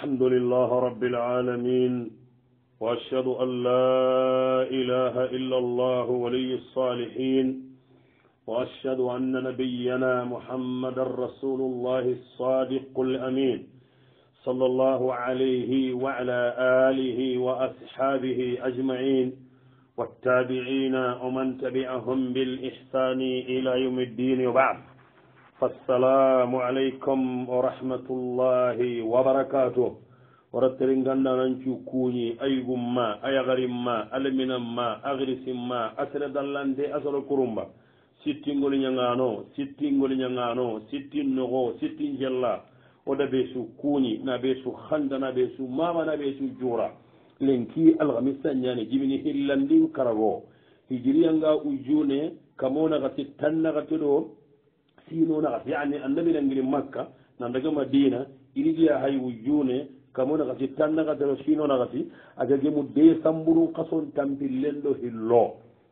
الحمد لله رب العالمين وأشهد أن لا إله إلا الله ولي الصالحين وأشهد أن نبينا محمد رسول الله الصادق الأمين صلى الله عليه وعلى آله وأصحابه أجمعين والتابعين ومن تبعهم بالإحسان إلى يوم الدين وبعد fassalamu aleykum wa rahmatullahi wa barakatuh warattari ganda nancu kuuñi aygum ma ayakarim ma alaminam ma agrisim ma asere dallante asoro kurumba sittingoli ñangano sittingoli ñangano sittin noxo sittin jella oda ɓeesu kuuñi na ɓeesu xanda na ɓeesu mama na ɓeesu juura lenki alhamisañani jibini hillandin karago hijiriyanga ujune kamo naxati tan naxatiɗo siinonaxa yani annabinangiri makka nandage madina iridiya hay wujune kamonaxasi tannaxatero siinonaxasi agagemu desamburun xason tampillen ɗo hillo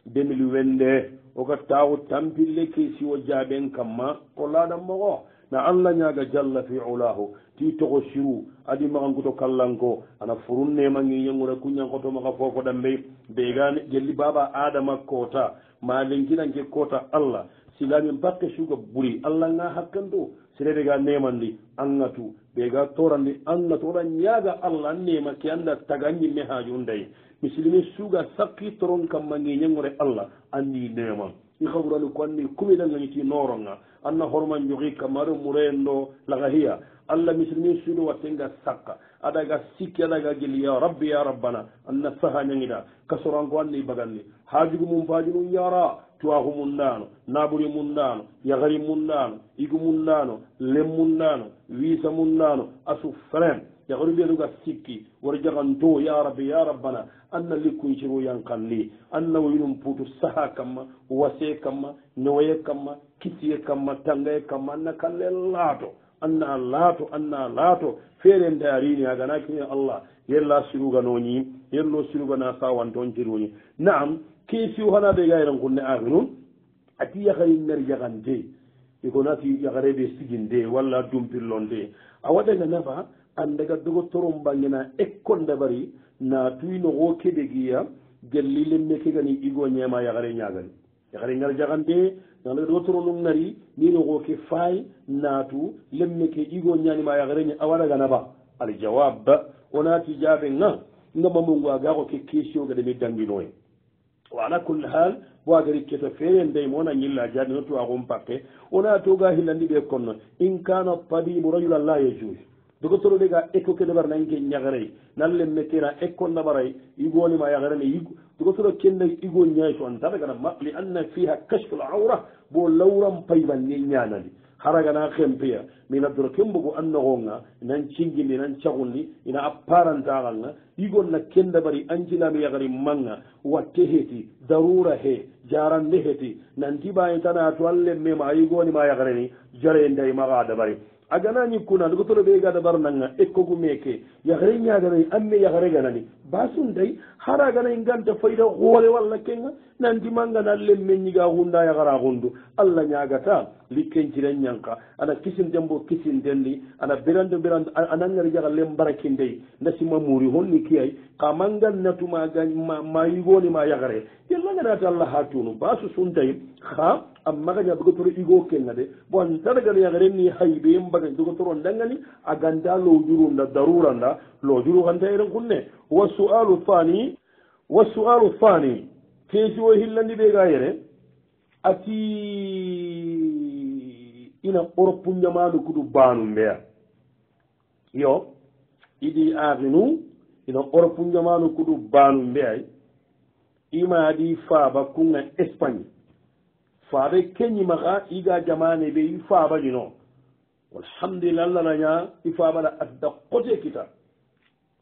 demil wende oga taxu tampille ke siwo jaɓen kamma ko laɗan moxo na allah ñaga jalla fi olahu ti toxo siru adi maxankuto kallanko ana furun nemangi yengura kuñangoto maxa fofo ɗambe begane gelli baba adama kota malenkinanke kota allah silamin bakke suga ɓuuri allah nga hakkan do serede ga nemandi angatu ɓe ga torandi angatu oɗa ñaga allah an nema ke anda taga ñimme haaju nday misilimi suga sakki toron kamma ngeñangore allah anni nema i haɓurani ko anni kumiɗangañiti noronga anna horman jogi kamma aɗo mureen ɗo lagahiya allah misilimi suga wattenga sakka aɗaga sikki aɗaga gelli ya rabbi ya rabbana anna saha ñangida kasoran ko anni bagandi haajugu mum fajunum yara tuwahu mum naano naaburi mum naano yahari mum naano igu mum naano lem mum naano wiisa mum naano asu frem yahoru mbiyaduga sikki woto jaganto ya rabbi ya rabbana anna likkuy ciru yankalli anna woyinum puutu saha kamma wase kamma newoye kamma kisiye kamma tangaye kamma anna kalle laato anna laato anna laato feere ndaarini aganakini allah yella siruganoñi yello siruganasawantoon ciruñi naam ke siw hana be gayran kunne aginun ati yahay ner yahande igonati yahareɓe siginde walla dumpillonde a waɗaga nafa andaga dogotorum bangena ekkonde bari natuy noxo keɓe giya gelli lemme kegani igo ñema yahare ñagani yahare ngar jahande anaga dogotoro num nari ni noxo ke fay natu lemme ke igo ñanima yahare a waɗaga nafa aljawab onati jaɓe ga ngamamungu aga xo ke kesio gadame danginoye وعلى كل حال واغري كتفين ديمون ان يلا جاد نتو اغوم باكي ونا توغا هيلاندي بيكون ان كان الطبيب رجل لا يجوز دكتور ديغا ايكو كدبر نانكي نياغري نال ميتيرا ايكو نبراي يغولي ما ياغرني يغ دكتور كين يغو نياي سون تابغا ما لان فيها كشف العوره بو لورم بايبان ني نيانالي haragana xempeya mina doro ken mbogu an noxonga inan cingindi inan cagundi ina a parantaxanga igon na kendabari anjinami yaxari manga watte heti darura he jarande heti nanti bayitanatu an lemmema a yigonima yaxareni jareyendayi maxa dabari a ganañikkuna ndugotoro ɓeega dabarnanga ekkogu meke yaxare ñaganani an me yaxare ganani basum day hara gana inganta fayda hoore walla kenga nandima ngana lemmeñiga hunda yagara hundu allah ñagata likkenciren ñanka ana kisinden bo kisinden ni ana birando birando anangar jaga len barakindey nasima muri honni kiyay kamangan natuma gañ ma yigoni ma yagare jella ganati allah ha tunu basu sunday ha ammagaña dogotoro igo kenga de bo an tanagana yagaren ni haybe mbagañ dogotoro ndangani aganda lowjurunda daruranda lojulu hande eɗen kunne wasualu hani wasualu hani peeji o hillandi ɓe ga yere ati ina europe ñamandu kudu banu mbeya yo idi aginu ina europe ñamandu kudu banu mbeyay imaadi faaba kunga espagne faaɓe keñimaka iga jamane ɓe i faabañino alhamdulillah allah naña i faaɓaɗa adda kote kita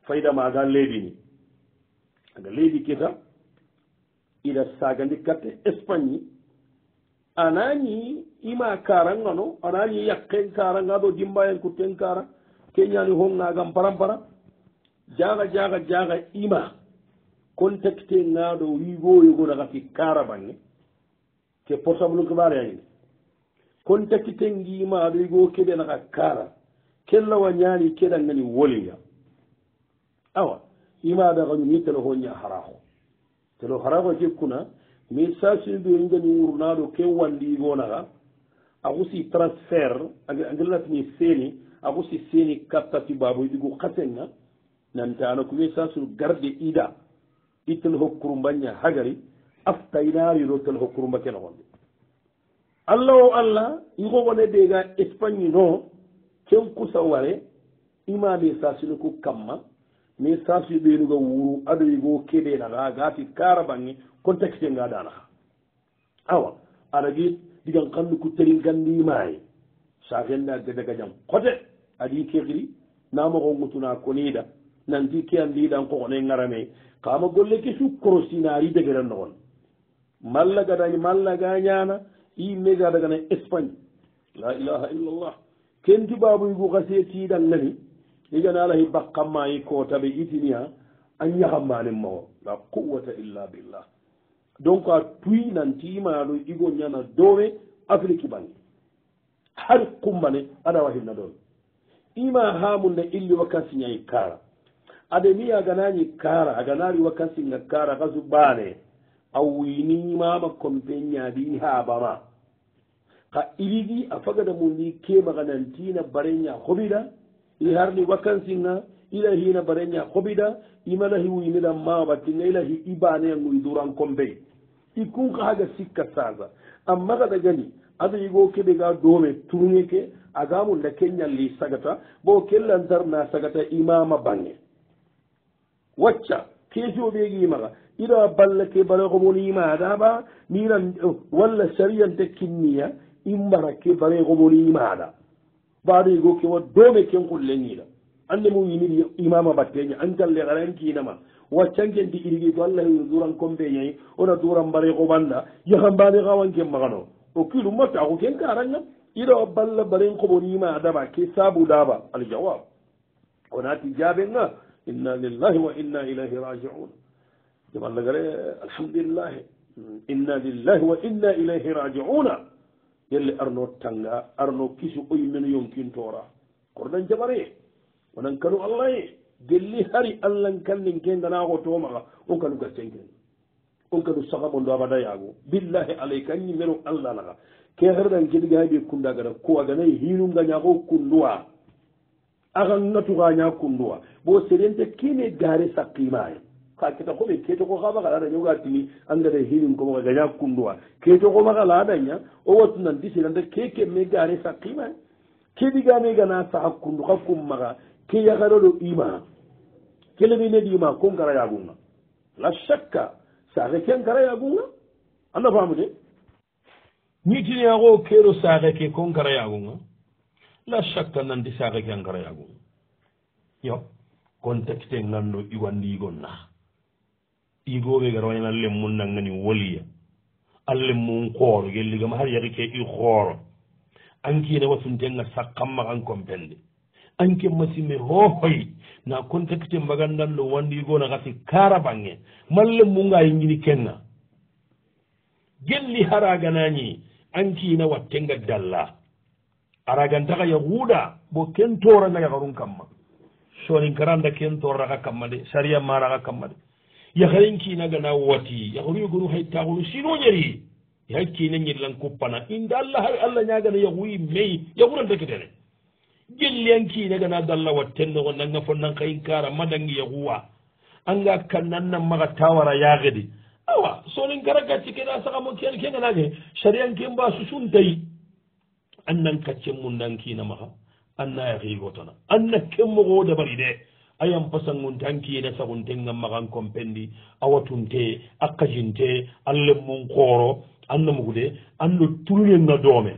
fayda maga leydi ni aga leydi kita ida sagandi katte espagne anañi ima karangano anañi yakken karanga do dimbayen ko ten kara keñani honnagam paramparam jaga jaga jaga ima contacte ngaɗo wigoyogoɗaga ki kara bange ke portable kibare añini contacte ngimaɗo wigo keɓenaga kara kellawa ñani keɗangani woliga awa imaɓe kañu mi telefo ña harako telefo harako jekkuna mi sasinde ingani wurnaɗo ke walligo naga akusi transfert angelatini seni akusi seni kattati babo yiɗigu kasenga nantana kumi sasinu garde ida i telehokkurumba ña hagari aftainariro telehokkurumba kenogonde allah o allah ihogone dega espagne no ken kusa ware imaɓe sasinuku kamma mi sarsi ɓeynugo wuru adoyigo keɗenaga gati kara bangge contexte gadanaha awa aɗagi digan kandu kuttari gandi maayi sakenda gedaga jam kote adi kekiri namogo gutuna konida nanti ke andidan kokone garame kama golle ke sukkoro sinari degeran nogon malla gadani malla ga ñana imme gadagana espagne la ilaha illa llah kentibabuygu kasetiɗangani igana alahi bakkamayi kootaɓe itiniya a ñahammanin mawo la quwata illa billah donc a tuy nanti imayaɗo igo ñana dowe afrique bange har kumbane aɗa wahinna ɗon ima hamunde illi wakkasi ñayi kara ade mi aganañi kara aganari wakkasi ga kara kasu baane a wini mama compe ñaaɗi haɓama ka irigi a fagada mu ndi kemaga nantina bareña hoɓiɗa iharni wakkansinna ilahi na barenya hobida imalahi wuyinila mawabatinga ilahi ibaneyangu iduran kombey i kunka haga sikka saza amma gada gani ada yigo keɓe ga dome turuŋeke agamunda kenyalli sagata bo kellantarna sagata imama bange wacca kesio ɓegi maga ida balla ke baregomoni imadaɓa miran eh, walla sariyante kinniya imbara ke baregomoni imada baaɗo yigo kewo doome kenkol lenñiiɗa annde mo winir imama batteñe ancalle arankiinama waccankendi irigi ko allah duran compe ñayi ona duran mbare ko banda yaha mbaane hawan ken maxano o kiɗum mafe ako ken karangam iɗo balla baren koɓonima adaba ke saabu daaba aljawab onati jaabenga inna lillahi wa inna ilayhi rajiun jamallagare alhamdulillahi inna lillahi wa inna ilayhi rajiuna yelle arno tanga arno kisu oy men yonkintora korodan jabare wonan kanu allah e gelli hari allahn kannin ke ganaxo to maxa on kanu gaccenken on kanu saxamondo abada yago billahi alay kanñi menu allah naxa ke xeredan kedigaaɓe kunda gana kuwa ganay e hinungañaxo kunduwa axan natuxaña kunduwa bo serente kene gare saqimaye ka kita koɓe keetoko xaɓakalaada ñoga tini engrais hinin komoxe gaña kunduwa keetoko maxalaadaña o watunan diseranta keke me gaare sa qima keɗigame gana saxa kundu xa kum maxa ke yaxarolo ima kelemine ɗima ko ngara yagunga la chaque saxe ke ngara yagunga anda famu de ñitineyaxo keero saxe ke ko ngara yagunga la chaque nandi saxe ke ngara yagunga yo contexte ngando iwandigo nax igoɓe garoñana lemmu naggani woliya allemmum kooro yelligama har yaqike i kooro ankine wasuntenga sakkamma an kompende anke masimme hohoy na contacte mbagandanɗo wandi igona gasi kara bangge mallemmu nga yingini kenga gelli hara ganañi ankina wattenga dalla aragantaka ya wuuɗa bo ken toranaga karum kamma sonin karanda ken torraka kamma de saria maraka kamma de yahayinkinagana wati yahoruyogoru hay taxolu sinoñari yahakkina ñillan kuppana inde allah hay allah ñagana yahuyi mai yahuran deketene gelliyankinagana galla wattennoxo nanga fo nan xayinkara madangi yahuwa anga kannanna maxa tawara yaxedi awa sonin gara gatti kena saxamo kenganage sariyanken ba susuntayi annan kaccemu nankina maxa anna yaxigotana anna kenmoxo o dabari de ayam pasangunte ankiyine sagunte gammakan compendi awatunte akkajinte allen mun kooro anna mugude anno tulle ga doome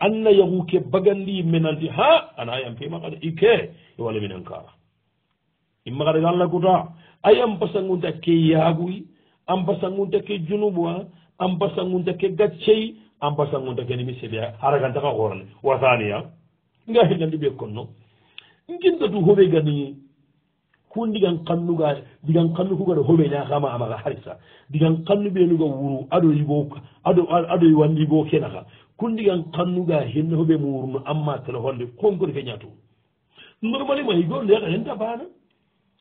anna yahuke bagandi yimmenanti ha ana ayampe makada ike iwala minen kara immakada ga allah kuta ayam pasangunte akke yaaguy an pasangunte ke junubuwa an pasangunte ke gaccey an pasangunte ke nimi seɓe haragantaka koorane wasaniya nga hinnandi ɓe konno ginɗo du hoɓe gani hun ndigan kannuga ndigan kannukugaɗo hoɓe ñakama amaga harisa ndigan kannuɓenuga wuro aɗo yibo aɗo aɗo wandi bo kenaka kun ndigan kannuga hinno hoɓe mo wurno amma téléphone de konkori keñato normalement igo ndeka henta bana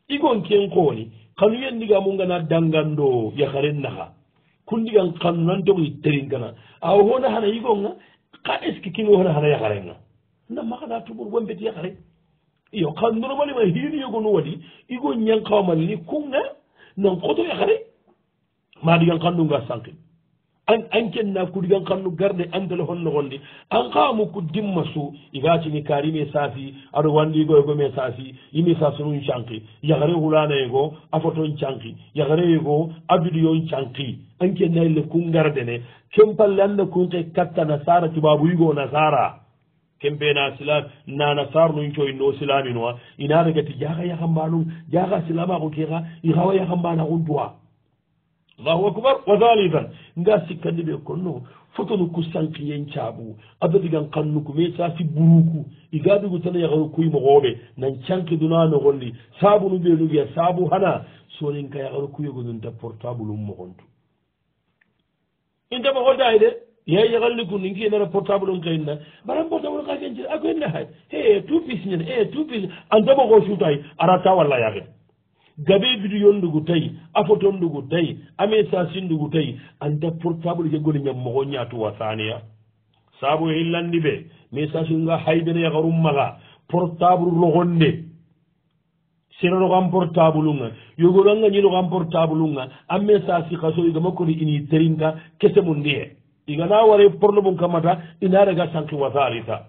igon ken kooni kanu yenndiga mo gana danganɗo yakaren naka kun ndigan kannu nantogi terin gana awa hona hana yigonga ka est ce que kino hona hana yakarenga namma kana tumor wombeti yakaren yo kandunomanima hiini yogono waɗi igo ñankawamal ni kunga nan koto yahare maɗu yan kandunga sankin an an kenna kudigan kannu garde an téléphone nogondi an kaamu ku dimma su igatini karimi saafi aɗo wandi igoyegome saafi imi sasunun canki yahare wulanayego a foton canki yahareyego abidiyon canki an kennaille kun gardene kempalle an na kunke kattana sara tubabu igo nasara kembena silam nana sarnuncoyino silaminoa inaregati jaga yahambanum jaga silamaku kexa ixawa yahambanaku duwa allahu akbar wa halitan nga sikkandi ɓe konno fotonu ku sankiyen caabu adadigan kannuku me sasi buruku igadugu tana yahanu kuimoxoɓe nan canki duna noxondi sabunu ɓenugea sabu hana soninka yahanu kuyegununta portable um moxontu inta moxodayde ye yagalli kun ni kiinara portable on kayinna baran portable ka kencir a kuenna hay e tout pis ñen e tout pis antoɓoko suuta ay arata walla yaken gabe vidio ndugu tay a photo ndugu tay a message ndugu tay anta portable ke goni ñam moxo ñaatuwa saaneya saabu e illandi ɓe message nga haybene yakarum maga portable roxonde seroroxan portable nga yogoro anga ñinoxan portable nga a message xa soyigama koni ini terinta kese mundiye igana ware porno bum kamata inarega sanki wata alita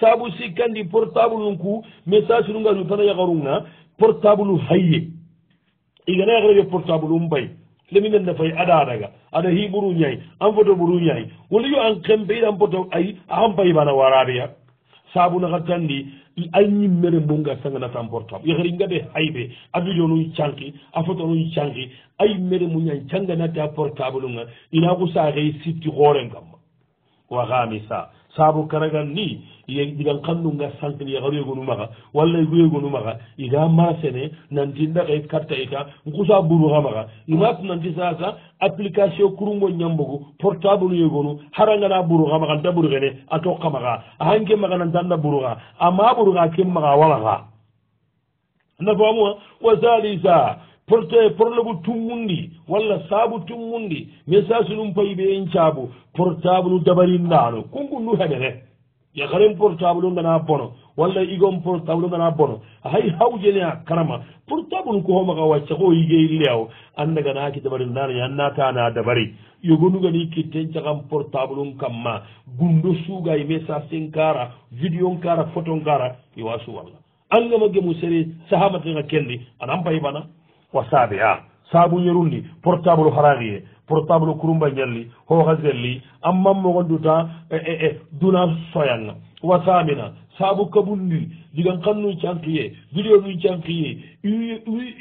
sabu si kandi portable unku message nu ngaru pana yagarunga portable haye igana yagarege portable umbay lemingen dafay ada daga ada hiburu ñay an photo buru ñay woliyo an kembeyi an poto ay ahan bay bana warabeya saabuna har tandi ay ñimmere mbonga sanganata mbortoma yahari ngade hayde adujonu canki a fotonu canki ay mere muñan canganatea portable nga ina ku saahe sifti hooren kamma wa xaami sa saabu karagal ni digal kandunga sankini yakaroyego numaka walla yigoyego numaka iga marasene nantindakay e karta ika e nkusa buruga maka imatu nanti sasa application kurungo ñambogu portable yegonu harangana buruga maka nta burugene a tokka maka ahanke maka nantanna buruga ama buruga ken maka walaka nafamuwa wa salisa porlogu e tummundi walla saabu tummundi message num payiɓe en caabu portable nu dabarinnaano kongu nu heɓete yakaren portable ɗum gana bono walla igon portable ɗum gana bono hay hawjene a karama portable nu ko homaka wacca ko yigeyilleyaw annaganaake dabarinnaano yannatana dabari yogonugani kitten cakan portable um kamma gundo suugay message en kara vidéo n kara photo n kara yowasu walla angamagge mu sere sahamatenga kendi anan payi bana wa saabia saabu ñerundi portable haraxie portable kurumba ñalli hooxaselli amma mogonduta ee e, duna soyanga wa saamina saabu kabundi digan xannu cankiye video nu cankiye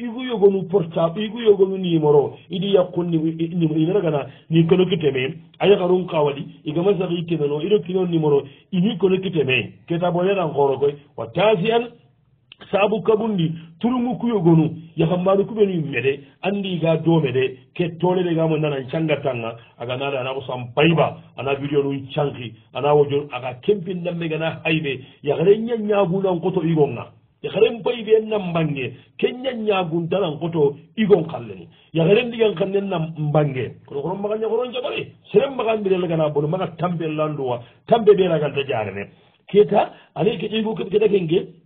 igu yogonu portable igu yogonu numéro idi yaqu ina ragana ni konoki teme aya xarun qawadi igama saxi kinano ido kino numéro ini konoki teme ketaboyanan xooro koy wa tasian saabu kabundi turumu ku yogonu yaha mbaɗo kuɓe nu yimɓe de andi ga doome de kettole de gamo nanan cangatanga aga nade ana ko sam bayba ana video nu canki ana wojon aga kempindanɓe gana hayɓe yahren ñañagunan koto igonga yahren bayɓe nam bangge ke ñañaguntanan koto igon kalleni yahren ndigan kannen nam mbangge kono koro maga ñagoron jaɓore sere mbagan mbirel gana bono maga tambe landuwa tambe ɓeragal ta jarene keta ane keƴeygo keɓkeɗa kenge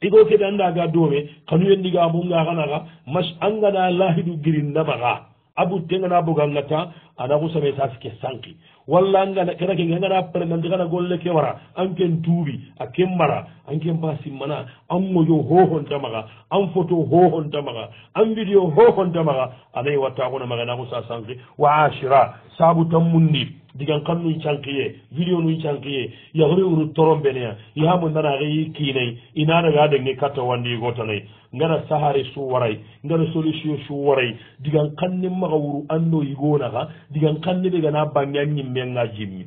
digo keɓe annda ga doome xanu yenndiga mbunga xanaxa mas angana lahidu girinnamaxa abut tengana boga ngata ana xusame sas ke sanki walla angana kena ke angana prenanti xana golle ke wara anken tuubi a ke mbara anken pa simmana an moƴo hoxontamaxa an photo hoxontamaxa an vidéo hoxontamaxa anayi watta xuna maxa na xusa sanki wa ashira sabu tan mundi digan kam nuyi cankiye video nuyi cankiye yahure uru torombeneya yahamu nanaxe yi kiinay inanaga dengi katta wandiigotanay ngana sahari su waray ngana solution su waray digan kan ni maxa wuru an no yigonaxa digan kan ni ɓegana bange a ñimmenga jimmi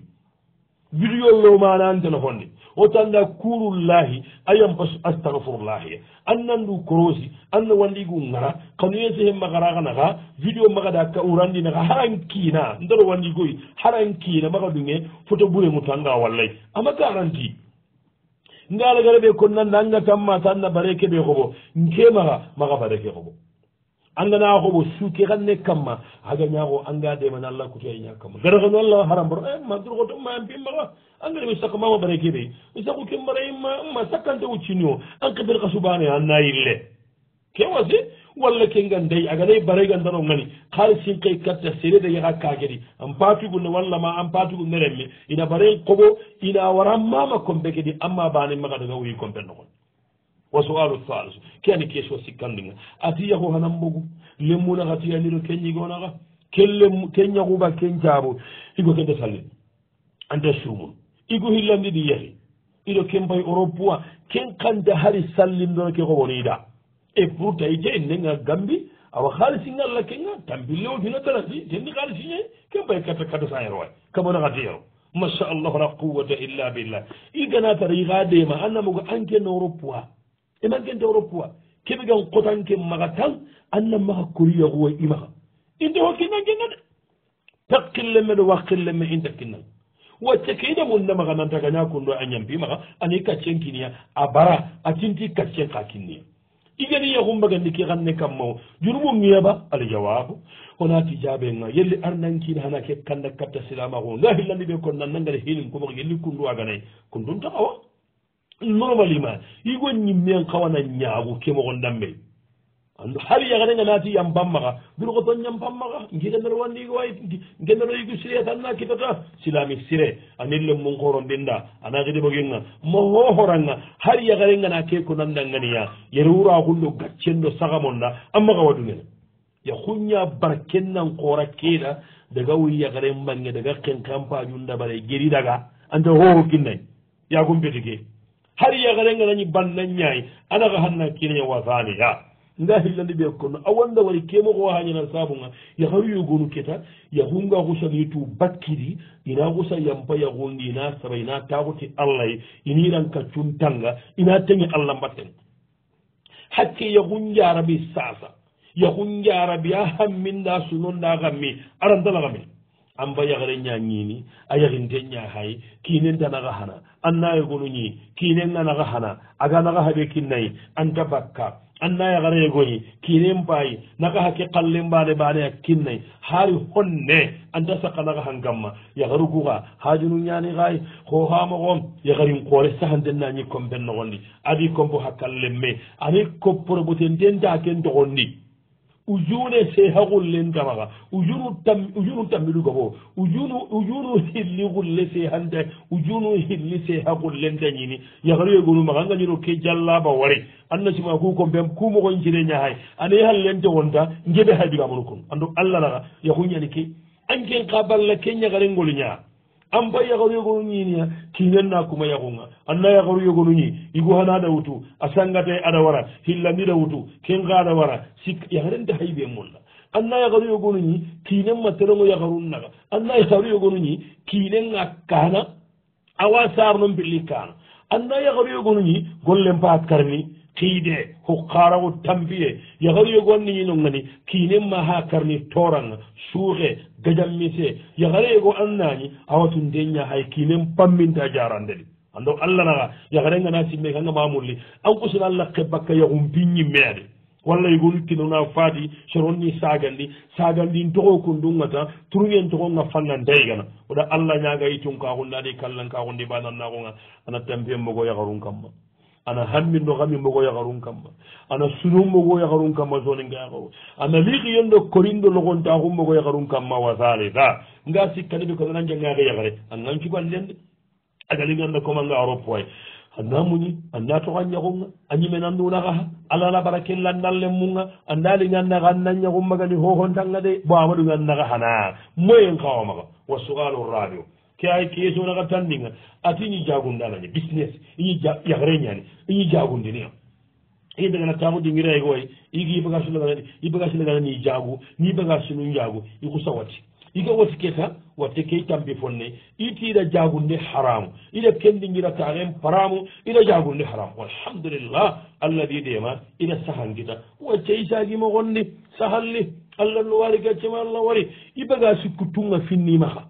biriyolloo maana antena honde o tanga kurullahi ayam pas astahfirullahi annandu korosi anna wandigu ngara kanu yese hen magaraka naka video magada ka urandi naka haran kiina ndaro wandigoy haran kiina magadunge foto ɓure mu tanga wallay ama garanti ngalagareɓe konnanda anga tamma tanna bareke ɓe hoɓo nke maga maga bareke hoɓo angana xoɓo suuke xanne kamma aga ñaxo anga demana allah kutoya ña kamma garaxano allah haram bar eh, madurxoto mambimaxa angareme sak mama bare kede mi saku ke mbara ma ma sakkante wu cinio an xibir xa subane a nayille ke wasi walla ke ngandey agaday baregandano ngani xaalisin xey katta sere dege xa kakedi an patugune walla ma an patugunne renme ina baren xoɓo ina wara mama kombe kedi amma bane maxa daga wuyi kompe noxon wa soalu halis keani question sikkandinga atiyaku hanan mbogu lemmunaka tiyaniro keñigonaka kellem keñakuba kencaabo igo kede sallin ante sumun igo hillandi ɗi yehi iɗo kempay europoa ken kanta hari sallindono ke kowoniida e pourtay de nenga gambi awa haalisi ngalla kenga tampille o hino dalandi tenni haalisi ñayi kempay kata kata cent euro ay kamonaka tiyero masha allahu la quwata illa billah iganatara ixa deema annamogo anke no europoa ima gente oropuwa keɓe gan kotanke maga tan anna maga koriya huwa imaga inte ho kinna kinna de pakkille me ɗo wakkille me inta kinna wacce keyde munde maga nantagaña kundo a ñampi maga ani kaccen kiniya a bara a tinti kaccen ka kinniya igani yahumbagandi ki xanne kam mao jurumu ngiyaba aljawabu honati jaabe ga yelli arnankiina hana ke kanda katta silama xu nda hillandi ɓe konnan nangare hinin kumaxa yelli kundu waganayi kundun taxawa normalement yigon ñimmen kawana ñaagu kemogondammey ando hari yaganenga naati yam bammaxa duroxo ton ñam bammaxa ngixe ndero wandigo way nge ndero yigu sire tanna kitata silami sire anen le mun xoro ndinda ana xidebogenga moxoxoranga har yaxarenga na ke ko nandanganiya yere wuraxundo gaccenno saxamonna a maxa wadungene ya xuña barken nan xoora keda daga wuy yaxaren mbange daga xenkampañundabare geri daga anta xooxo kinnay yagumpeti ke har yagarengarani bannan ñayi anaga hanna kineña ya nga hillandi ɓe kono a wanda nan sabun ya har yu gonu keta yahunga ni tu bakiri ina xusa ya yaxongi ina sara ina taxuti allah ye ka tuntanga ina tanyi allah ya hakke yaxun jarabi sasa ya ya da jarabi a hamminda sunonda xammi arantalaxamin an ba yagare ñañini a kinin da na xana annayegunuñi kiine nanaxa xana aga naxa xaɓe kinnayi anta bakka annayaxareegoñi e kiinen paayi naxa xa ke qallen mbaane mbaaneya kinnayi haari honne anta saqa naxa xan gamma yaxaruguxa haajunu ñaaniƙaayi xooxaamoxo yaxarin qoore saxandennañi kompe noxondi adi kompo xa kallen me ani kopporoboten ten taaken toxondi ujune sehagullendamaga ujunu tambiɗugabo ujunu hilli gulle sehande ujunu hilli sehagullendañini yahariyegonumaga angañino ke jallaba wari annasimaa kuko ben kumogoncine ñahay ana yahallente wonta ngeɓe haydigamonukon ando allah naga yahuñani ke anken ka balla ke ñagarengol ñaa an ba yagaru yogonu ñiiniya kiñenna kuma yagunga anna yagaru yogonu ñi igu hanaada wutu a sangata ada wara hillandira wutu kinga ada wara sik yagarente haybe munna anna yagaru yogonu ñi kiinen ma terengo yagarun naga anna yagaru yogonu ñi kiinenga kaana awa sarnon billi kaana anna yagaru yogonu ñi gollen paat karni tiide ho karago tambiye yahar yogonni yinongani kinen ma ha karni toranga suuhe gajammise yahar yego annani awatundenya hay kinen pamminta jarande ɗi ando allah naga yahare ngana simme kanga mamulli an kusina allah ke bakka yahumpiñimmeade walla yegonuttinona faati soronni sagandi sagandi ntogo kundungata turuñen togonga fannandaygana oɗa allah ñaga yi tun kahundaɗi kallan kahundi bananagonga ana tambiye mbogo yaharun kamma ana hamminɗo kami mogo yakarum kamma ana sunum mogo yakarum kamma soni nga yakaru ana liikiyonɗo korinɗo logontakum mogo yakarum kamma wasalisa nga sikkaneɓe koɓena jangake yakre a ganki ballende agali ganda comanga aropoay anda muñi anda toxanñakunga añimenanɗunakaha alana bara kellannallen munga andaliganndaka annanñakummagani hohontanga de bo amaɗu gannaka hana moyen kawamaka wa sugalu radio ke ke so na gatan ninga ati ni jagunda na business yi ya yagre ni yi jagundi ni yi daga na tamu dingira yi goy yi gi baga shulu ga yi baga shulu ga ni jagu ni baga shulu jagu yi ku sawati yi ga wati ke ta wati ke bi fonne yi ti da jagunde haram yi da ken dingira ta gem haramu yi da jagunde haram walhamdulillah alladhi dema ina sahan sahangita wace isa gi mo gonni sahalli allah no wari gacce ma allah wari ibaga baga su kutunga finni maha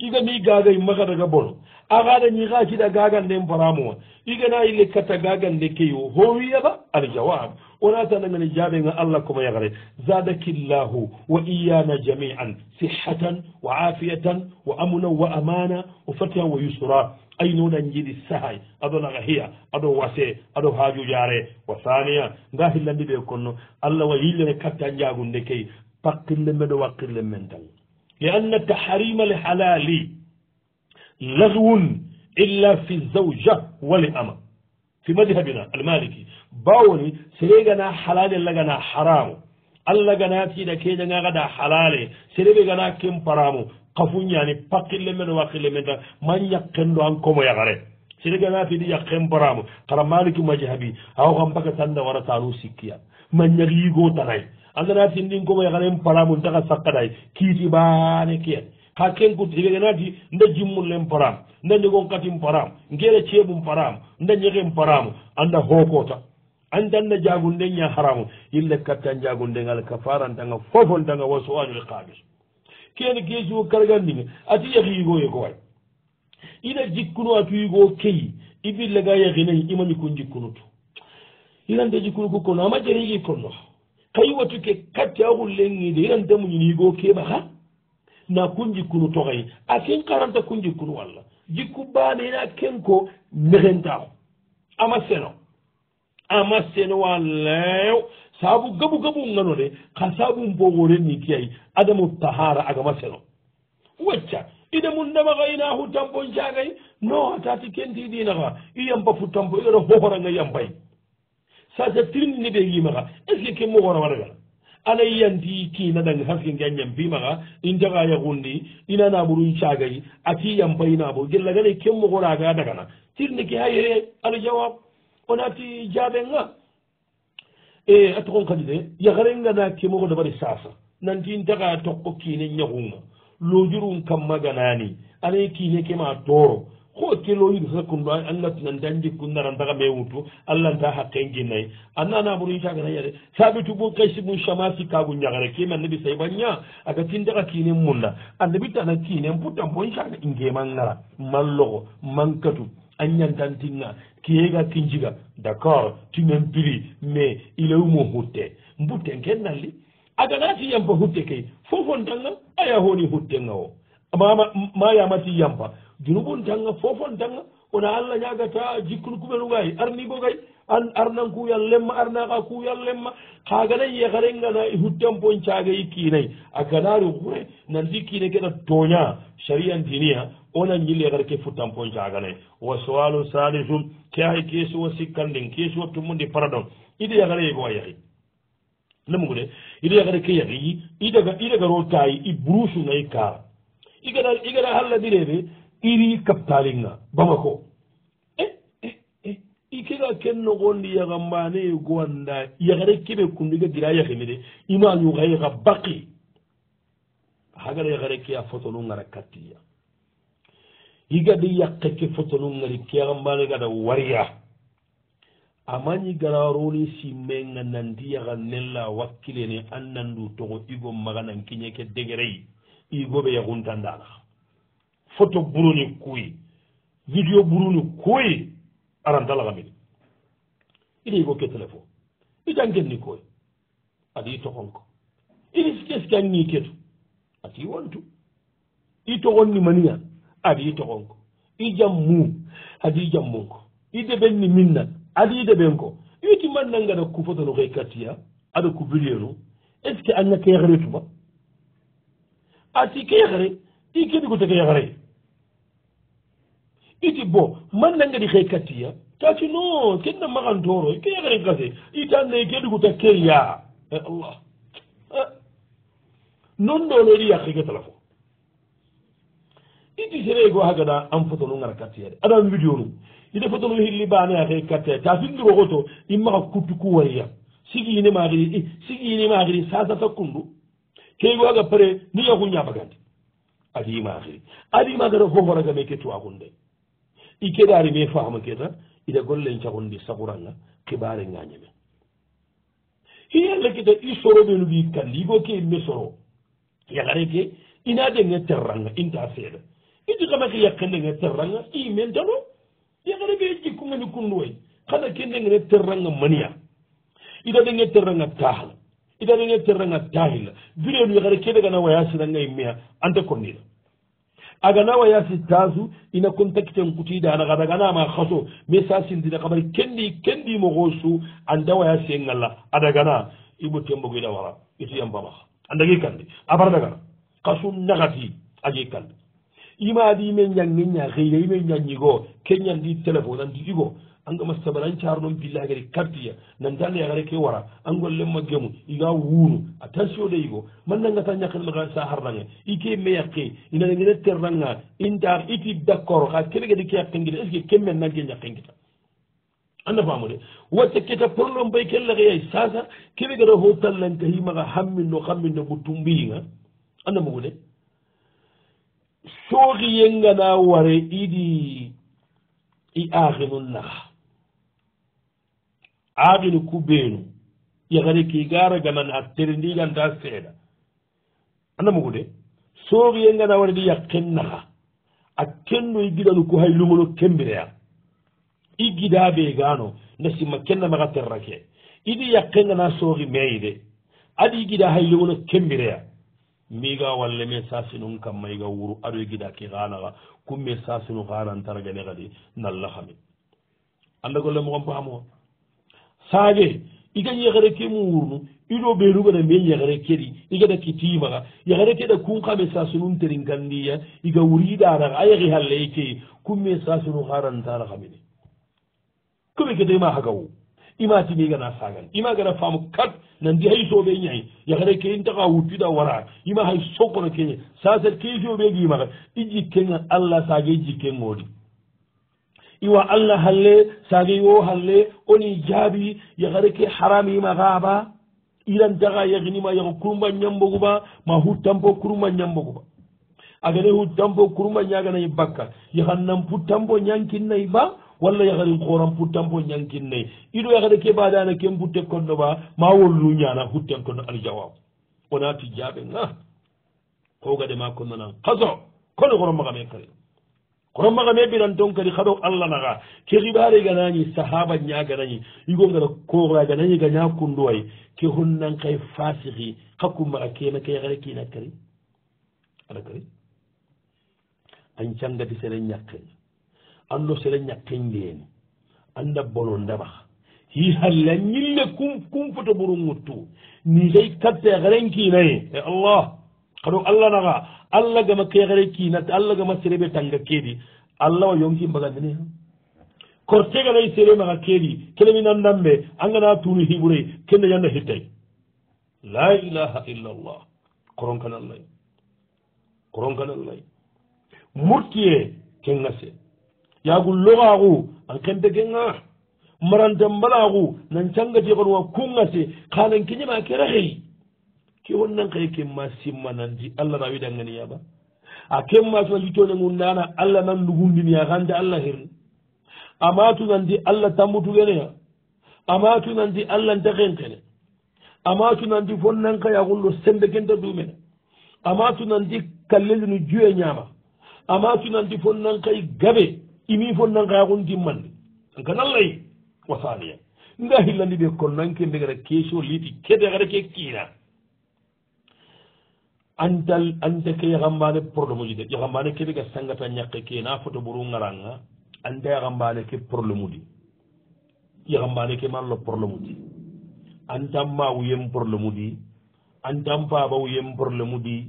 iga mi gaga i maga daga bono aga da ni ga ci da gagan den faramuwa iga na ile kata gagan da ke yo howiya ba aljawab ona ta na mini jabe ga Allah kuma ya gare zadakillahu wa iyana jami'an sihhatan wa afiyatan wa amna wa amana wa fatihan wa yusra ayno nan jidi sahay ado naga hiya ado wase ado haju jare wa saniya ngahillandi be konno Allah wa yille katta jagunde kay pakkille medo wakkille mental لأن التحريم الحلال لغو إلا في الزوجة والأمة في مذهبنا المالكي باوني سيغنا حلال لغنا حرام الله غنا تي دا كي غدا حلال سيربي غنا كيم حرام قفون يعني باقيل من واقيل من من يقن دو انكم كومو يغري سيرغا في دي يقن حرام ترى مالكي مذهبي او غم بك سند ورا سيكيا من يغيغو تناي andana tindin komoye xanen paramun taxa sakkaday kiiti baane keen xa kenkut ivege naati nda jimmun len param nda ndigon katin param ngeele ceebum param nda ñexen paramu anda hookoota andanna jagunde ña haramu yille kattan jagunden ala kafarantanga fofontanga wa suwañule xaalis kene keesiwo kargandinge ati yaxiigoye ko way ina jikkunu atu yigo key i villega yaxinayi imañi kun jikkunutu irante jikkunu ku konno ama jarigi konno kayiwatuke kattiahullenŋi de irantamuñini yigo keɓa ha na kunjikkunu tohayi a kin karanta kunjikkunu walla jikku baameena kenko mehentaho ama seno ama seno wallew saabu gabu gabu ngano de ka saabun pogorenni kiyayi adamu tahara agama seno wacca idamun ndamahaynahu tampon cagayi no a tati kentidinaha iyampa fu tampo iyoro hohoranga yampayi sasa tirini ɓe yimaxa est ce que ke muxora waragala ana yanti kinaɗang haske ke a ñampimaxa in taxa yaxundi ina naɓurun cagay a ti yampa inaɓo gellagana ke muxoraga a dagana tirini ke hayere aljawab onati jaɓenga e a toxon kadide yaxarengana ke moxo daɓari sasa nanti in taxa toqo kine ñaxunga lojurun kammaganani anay kine ke ma toro ho kelo yiɗo hakkunɗo annati nan dañde kunnara daga mewu to allahnta hakke e guinayi annana mono yitaka na yiyade saabitu mum kaysi mum chamasi kagu ñagara kemi annabi sa wa ña aga tin daga kinen munna annabi tana kinen pourtant bon caka ingeman ngara mallogo mankatu a ñantantinga keega kinjiga d' accord timen pili mais ilewumo hutte mbutten ken nalli aga nati yampa hutte kay fofon tanga aya honi huttenga o mama ma yamati yampa junubun tanga fofon tanga wona allah ñagata jikkunu kuɓenu gay arni bo gay an arnan kuyal lemma arna ka kuyal lemma kaganay yakarengana e huttenpon cagayi kinay a ganari xure nandi kine keɗa toña sariyantinia ona ñil yakar ke futtanpon caganay wa soalu salisu ke ay kesuwa sikkanden kesuwa tumundi paradon ida yakare yego a yaki lemugude ida yakare ke yakiyi idaga idagaro tayi i brusu nayi kara igana igana hallandireɓe iri kaptalinga bamako eh, eh, eh. ikega kenno gondi yaga mbane gowanda yagare keɓe kundiga dira yahimide ima yugayiga baki hagara yagare ke a fotonu ngara kattiya yigadi yakke ke fotonu ngari keyaga mbane gada wariya ama ñigararoni simme nga nandi yaga nella wakkileni an nandu togo igo maga nan kiñeke degerey igoɓe yaguntandanaa foto ɓuroni kuy vidéo ɓuroni kuy arandalagamin ini yigo ke téléphone i jangenni koy adi i togonko ini sikesike anni ketu ati i wontu i togonni maniya adi i togonko i jam mu adi i jammunko i deɓenni minnan adi i deɓenko iti mannangana ku fotono xe kattiya aɗa ku vidéonu est ce que anga keexere tuma ati keexere i kedigo te keexere iti bo man nangedi xey kattiya taati non ken na maxantoro keexere gase itanne keliguta keya e eh, allah eh, non ɗono ɗi yaqi getala fo iti sereego hagana an fotonu ngara kattiyade adan video nu ide fotonu hilli baneya xe katte taasindiro xoto i maxa kuttu ku wariya sigiine maaxiri eh, sigiine maaxiri sasata kundu keego haga pare ni yaku ñabagandi adi maaxiri adi maagata fofaragameke tuwaakunde i keɗe arrivé faama keta ida gollen cagondi sakuralla kibare gañeme i yalla keta i soroɓenu ɓi kandi igo ke me soro yalare ke ina denge terranga inta seeɗa iti kamake yakkendenge terranga i mentano yakare ɓe jikkugani kunduway kana kendengene terranga mania ida denge terranga tahla ida denge terranga tahilla birenu yakare keɗe gana wayasirangay meya anta konnira aganawa yasi tasu ina contacten kutida ana adaganama haso mais sa sindina kabari kendi kendi mogosu andawa yasi engalla adagana ibo tembogo ida wara itu yambamaha andagi kandi abardagana kasu nagati agi kandi ima di ime nyangenya hiya ime nyanyigo kenya ndi telefon andi igo angama sebana ncaro noon billa kadi kartiya nan dalle yagare ke wara an gollenma gemu iga wuunu attention de yigo man nangata ñakkanmaa sa harrange ike me yakke ina ngene terranga intar iti d' accord ha keɓe kadi ke yakkengita est ce que kemmen nagge ñakkengita anda famude wacca keta porlom bay kellakayay sasa keɓe kada ho tallanka himaga hamminno hamminno muttum mbiyinga anda mogude sooki yengana ware iɗi i aake nun naga aaqilu kubbeenu yahari kii gaara gaman a terindiiganta seeɗa anamugu de sooxiye ngana wani di yaqen naxa a kenno i gidanu ku hay lumolo kembireya i gidaabee gaano na simma kenna maxa terra ke idi yaqe ngana sooxi meyi de adi i gida hay lumolo kembireya miiga walle me saasinun kamma iga wuru ado i gida ki xaanaxa kumme saasinu xaanantaragene xadi nallaxami anda golle moxon paamoxa saage iga yegere ke mu wurnu ido ɓeerugona me yegere keɗi igada kitimaxa yegere keɗa kun xame sasunun terin kandiya iga wuridanaxa a yexi halley ke kumme sasunu xarantana xamene kome kete ma xagawu imatini igana sagan ima gana faamu kat nandi hay soɓe ñayi yegere ke intaxa wuppida wara ima hay sokono keñe sasat keisoɓe gimaxa i jikkenga allah saage jikkengoɗi iwa allah halle sage wo halle oni jaabi yagareke harami imagaaba iran daga yaginima yago kurumba ñambogoba ma huttanpo kurumba ñambogoba agane huttanpo kurumba ñaganayi bakka yahannan puttanpo ñankinnayi ba walla yaharin koran puttanpo ñankinnayi ido yahare ke badana ken putte konno ba ma wollu ñana hutten konno aljawab onati jaɓe ga kogade ma konnonan kaso kono horo magame kare kono maga meɓiran ton kadi haɗo allah naga ke hibare ganañi sahaba ñaganañi yigo ngara kora ganañi gaña kunduway ke honnankay fasiki hakkumaga kena kee hara kina kari aɗa kari an cangati sere ñakke anno sere ñakke ndeni anda bolondaba hi halla ñille kum kumfoto ɓuru guttu ni day katte haren kinaye e allah kadon allah naga allah gama kegere kinat allah gama sereɓe tanga kedi allah wa yonki mbagandine kortegaray sere maga kedi kelemi nandanɓe angana tunu hiɓuray kenda yanda hittay la ilaha illa llah koronkan allahy koronkan allahy murtiye kengase yagu logagu an kente kenga marantan mbalagu nan cangati kon wa kungase kalan kiñema kerahey ke wonnan kaye kenma simmanandi allah na widanganiyaba a kenma sona yitone gundana allah nan nugundiniya hande allah hirni amatunandi allah tambutugeneya amatunandi allah ntehenkene amatunandi fonnan kaya hullo sembe kenta dumene amatunandi kallelinu juwe ñama amatunandi fonnan kay gabe imi fonnan kaya hun timmandi ankanallayi wasaniya nga hillandi ɓe konnanke mbegata kesio liiti kede hara ke kiina antal anta ke yahambane probléme uji de yahambane ke ɓega sangata ñakke ke na foto ɓuru garanga anta yahambane ke probléme uɗi yahambane ke manlo probléme uɗi antan mawu yen probléme uɗi antan babawu yen probléme uɗi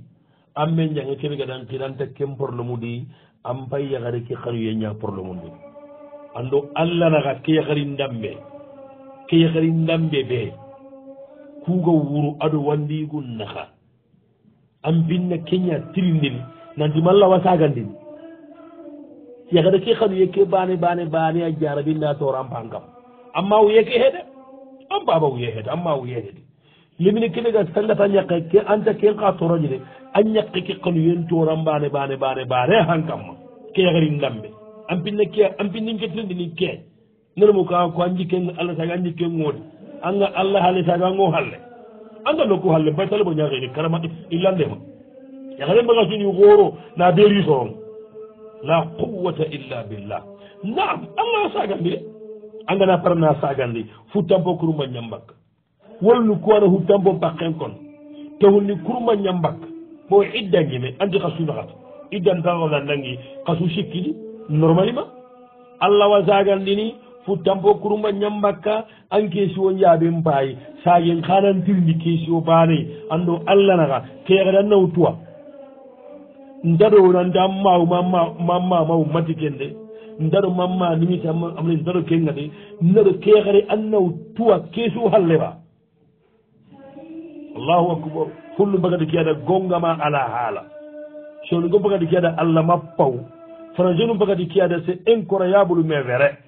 an men jange ke ɓega dan kinanta ken probléme uɗi an pay yahari ke xanu ye ña probléme uɗi ando allah naxa ke yahari ndambe ke yahari ndambe ɓe kuga wuru aɗo wandigun naxa an binna keña tirindini nandima allah wasagandini yahada ke hanu yeke bane bane bane a jara binda tora an pankam amma wuyeke heede an baba wuye heede amma wuye heede limini kinega sallata ñake ke anta ken ka toroñide a ñake ke hanu yen toran bane bane bane bane han kamma ke yahari ngambe an pinna ke an pinninke tirindini ke nanamu kaa ko an jikke allah saga an jikke ngoodi anga allah halle saga ango halle anda lokku halle mbay talibo ñaxeene karama illa lema illandema yaxare mbaga suni xooro na beri soron la quwwata illa billah naam anga sagandi de angana parana sagandi futtanpo kuruma ñambak wallu kuwana huttanpo pakken kon te tewunni kuruma nyambak bo idda iddangime andi xa sunaxat iddantaxolandangi xa su sikkidi normalement الله وزاغان ديني futtanpo kuruma ñambakka an keesi o yaaɓe mbaayi saagen hanantirndi keesi o baanayi anndu allah naka keekata naw tuwa ndaɗonanta maw mamma maw mati kennde ndaɗo mamma nimita amne ndaɗo kenga de ndaɗo keekare an naw tuwa keesi o halleba allahu akbar hullu mbagati kiyada gongama ala haala sonigo mbagati kiyada allah mappaw fana jonu mbagati kiyada c' est incroyable mais vrai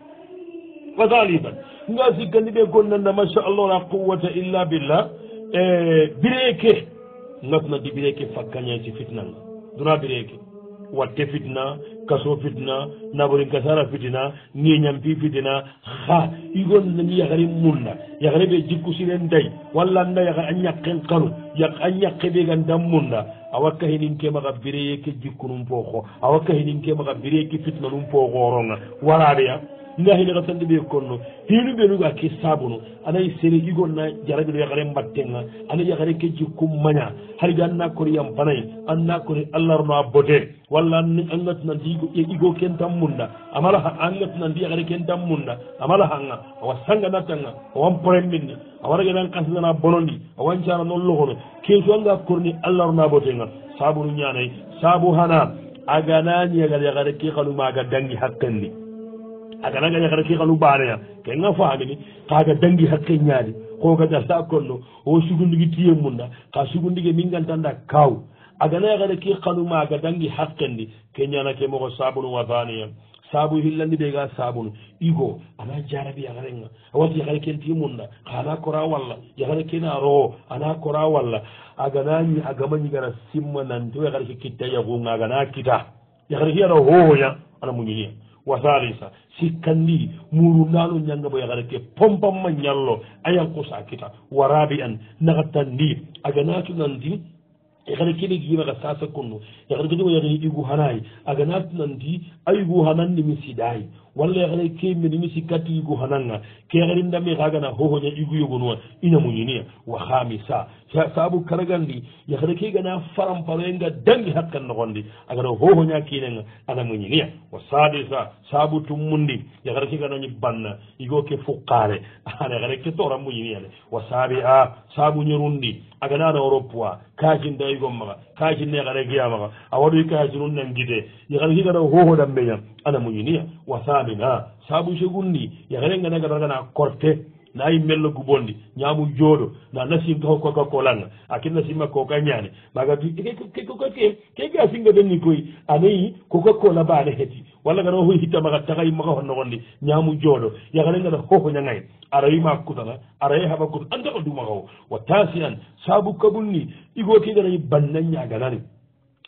fadaliman nga sikkandi ɓe gonnanna machallah la quwata illa billah e bireke ngasnandi ɓireke fakkañeesi fitna nga dona bireke watte fitna kaso fitna naborin kasara fitina ñeñampi fitina ha igonnandi yahari mulla yahare ɓe jikku siren day walla nda yahar a ñakken karu a ñakke ɓegan dan mulla a wakka henin kemaka bireyeke jikku num pooxo a wakka henin kemaka bireyeke fitna num pooxoronga waraɓeya nahilara sandi ɓe konno hinu ɓenugo a ke sabuno anayi sere igonna jaraɓe no yakare mbattenga ana yakare ke jikku maña hayde anna kori yam banayi anna kori allahrno a bote walla angatunandi igo ken tan munda amala angatunandi yakare ken tan munda amala hanga awa sanga nattanga awan poremminni awaragenan kasidana bonondi awan cana non lohono keso anga korni allahrno a botenga sabunu ñanayi sabu hana aganañi agal yakare ke kanumaga dangi hakkandi a gana gaña xata ke xanu ɓaaneya ke nga faagini xaaga dangi xaqe ñaani xooga garta konno wo sugundigi tiye munda xa sugundige mi ngantanda kaw a ganaya xata ke xanu maaga dangi xaqenni ke ñana ke moxo sabunu wasaniya saabu hillandi ɓega sabunu igo ana jarabi yaxarenga a wati yaxare ken ti munda xana kora walla yaxare kena roo ana kora walla a ganañi a gama ñigana simma nante wo yaxare ke kitta yaxunga a gana kita yaxare ke yana xooxoña ana muñiniya wasalisa sikkandi murundano ñanga boya xara ke pompanma ñallo ayan kosa kita warabi an naxatandi aganatunandi ixare kene giimaxa sasa konno ixare kene wayaxini igu xanayi aganatunandi a igu xananimi sidayi walla yaxle kemmeni mi si kattiyigu hananga kexerindami xagana hohoña iguyogonuwa inamuñiniya wa xami sa saabu karagandi yaxle ke gana faramparoyenga dangi hakkan noxondi agana hohoña kinenga anamuñiniya wa sadisa saabu tummundi yaxle ke ganañi banna igo ke fuqare ana yaxle ke toranmuñiniyale wa saabi a saabu ñerundi agana na oropoi kajinda yigo maxa kaaji ne xara giyamaxa a waɗoy kaaji nun nan gide yaxar xigara hoxoɗan ɓeña ana muñiniya wa samina sabu segun ni yaxarenganagaragana korte nayi mello gubondi ñaamu jooɗo na nasim kokoko kolanga akin nasima koka ñaane maga ke ga singa denni koy anayi koka kola baane heti walla gana ho hitta maga tagay maga ho nogondi ñaamu jooɗo yagale ngada hoho ñangay arayi ma kutana arayi haba kut anta ko duma kaw wa tasi an sabu kabul ni igo ke ganayi banna ñaganani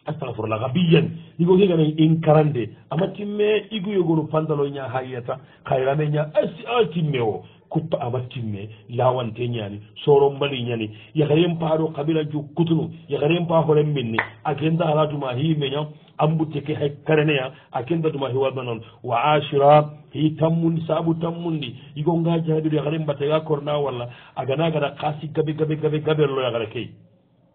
astahfirullah gabiyan igo ke ganayi inkarande amatimme igu yogonu pantalo ña hayyata kayrame ña asi a timme o kuppa a wattinme lawante ñaani sorombali ñani yahren paaɗo kabila jo kutunu yahren pa horen min ni a kenda ala duma hiime ñam ambute ke hay kareneya a kenda duma hi walma noon wa asira hi tammudi saabu tammudi yigo nga jaaɗiɗo yahren mbatawa korna walla agana gara kaasi gabe gabe gabe gabelloyahara key